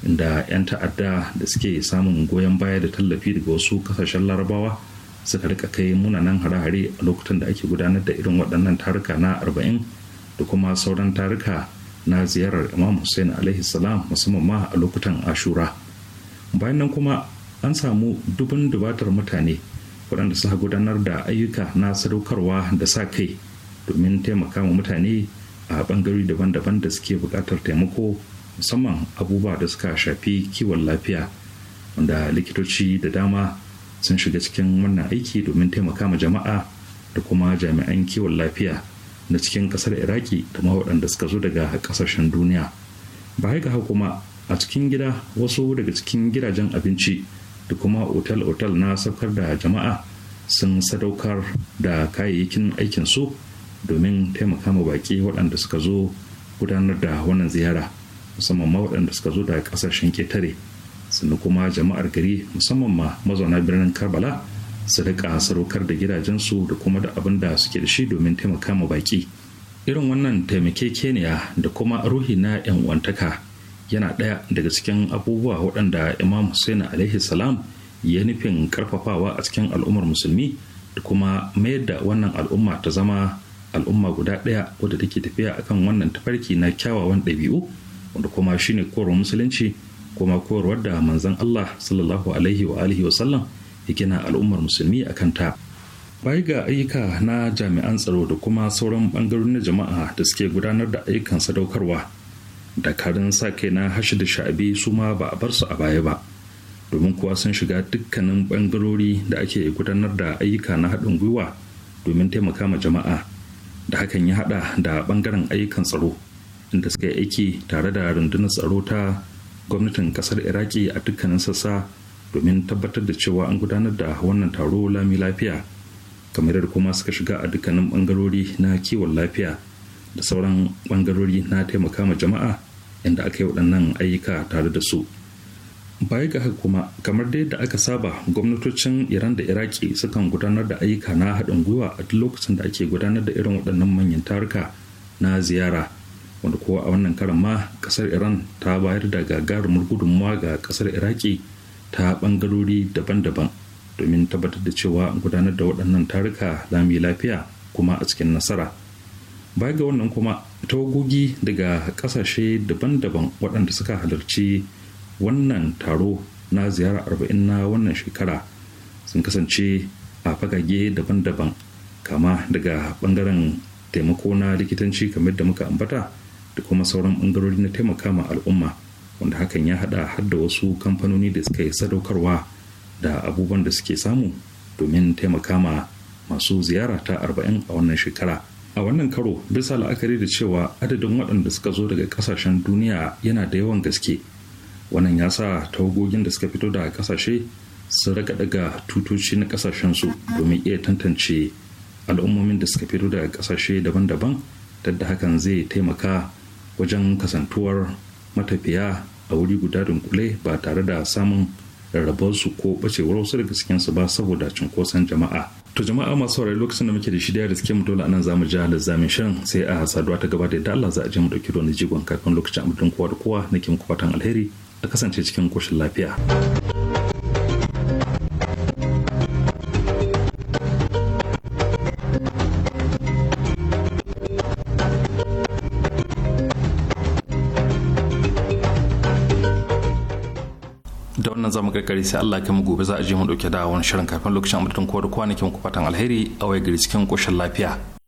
inda 'yan ta'adda da suke samun goyon baya da tallafi daga wasu kasashen larabawa suka rika kai munanan hare-hare a lokutan da ake gudanar da irin waɗannan taruka na arba'in da kuma sauran taruka na ziyarar imam hussein alaihi salam musamman ma a lokutan ashura bayan nan kuma an samu dubun dubatar mutane waɗanda suka gudanar da ayyuka na sadaukarwa da sa kai domin taimaka wa mutane a ɓangare daban-daban da suke buƙatar taimako musamman abubuwa da suka shafi kiwon lafiya wanda likitoci da dama sun shiga cikin wannan aiki domin taimaka ma jama'a da kuma jami'an kiwon lafiya na cikin kasar iraki da ma waɗanda suka zo daga ƙasashen duniya ba haka kuma a cikin gida wasu daga cikin gidajen abinci da kuma otal-otal na saukar da jama'a sun sadaukar da kayayyakin aikin su domin taimaka ma baƙi waɗanda suka zo gudanar da wannan ziyara musamman ma waɗanda suka zo da ƙasashen ketare sannan kuma jama'ar gari musamman ma mazauna birnin karbala su rika sadaukar da gidajensu da kuma da abin da suke da shi domin taimaka ma baki irin wannan taimakekeniya da kuma ruhi na yan uwantaka yana ɗaya daga cikin abubuwa waɗanda imam hussein alaihi salam ya nufin karfafawa a cikin al'ummar musulmi da kuma mayar da wannan al'umma ta zama al'umma guda ɗaya wadda take tafiya akan wannan tafarki na kyawawan ɗabi'u wanda kuma shine koron musulunci kuma korowar da manzon Allah sallallahu alaihi wa alihi wa sallam ya gina al'ummar musulmi a kanta bai ga ayyuka na jami'an tsaro da kuma sauran bangarorin jama'a da suke gudanar da ayyukan sadaukarwa da karin sa kai na hashi da sha'abi su ma ba a bar su a baya ba domin kuwa sun shiga dukkanin bangarori da ake gudanar da ayyuka na haɗin gwiwa domin taimaka ma jama'a da hakan ya haɗa da bangaren ayyukan tsaro inda suka yi aiki tare da rundunar tsaro ta gwamnatin kasar iraki a dukkanin sassa domin tabbatar da cewa an gudanar da wannan taro lami lafiya kamar yadda kuma suka shiga a dukkanin bangarori na kiwon lafiya da sauran bangarori na taimaka ma jama'a inda aka yi waɗannan ayyuka tare da su baya ga haka kuma kamar dai da aka saba gwamnatocin iran da iraki sukan gudanar da ayyuka na haɗin gwiwa a duk lokacin da ake gudanar da irin waɗannan manyan taruka na ziyara wanda kuwa a wannan karan ma kasar iran ta bayar da gagarumar gudunmawa ga kasar iraki ta bangarori daban-daban domin tabbatar da cewa gudanar da waɗannan taruka lami lafiya kuma a cikin nasara baya ga wannan kuma tawagogi daga ƙasashe daban-daban waɗanda suka halarci wannan taro na ziyara arba'in na wannan shekara sun kasance a fagage daban-daban kama daga bangaren taimako na likitanci kamar da muka ambata da kuma sauran bangarori na taimaka ma al'umma wanda hakan ya hada har da wasu kamfanoni da suka yi sadaukarwa da abubuwan da suke samu domin taimaka ma masu ziyara ta arba'in a wannan shekara a wannan karo bisa la'akari da cewa adadin waɗanda suka zo daga ƙasashen duniya yana da yawan gaske wannan ya sa tawagogin da suka fito daga ƙasashe sun raka daga tutoci na ƙasashen su domin iya tantance al'ummomin da suka fito daga ƙasashe daban-daban tadda hakan zai taimaka wajen kasantuwar matafiya a wuri guda dunkule ba tare da samun rarrabarsu ko bacewar wasu daga cikinsu ba saboda cunkoson jama'a to jama'a masu saurari lokacin da muke da shi da suke mu nan anan zamu ja zamin shirin sai a saduwa ta gaba da yadda Allah za a je mu dauki ruwan jigon kafin lokacin abudin kowa da kowa nake muku fatan alheri a kasance cikin koshin lafiya. mu sai Allah kai mu gobe za a je mu dauke da wani shirin kafin lokacin amurtun kowa kwanakin ku fatan alheri a waye gari cikin koshin lafiya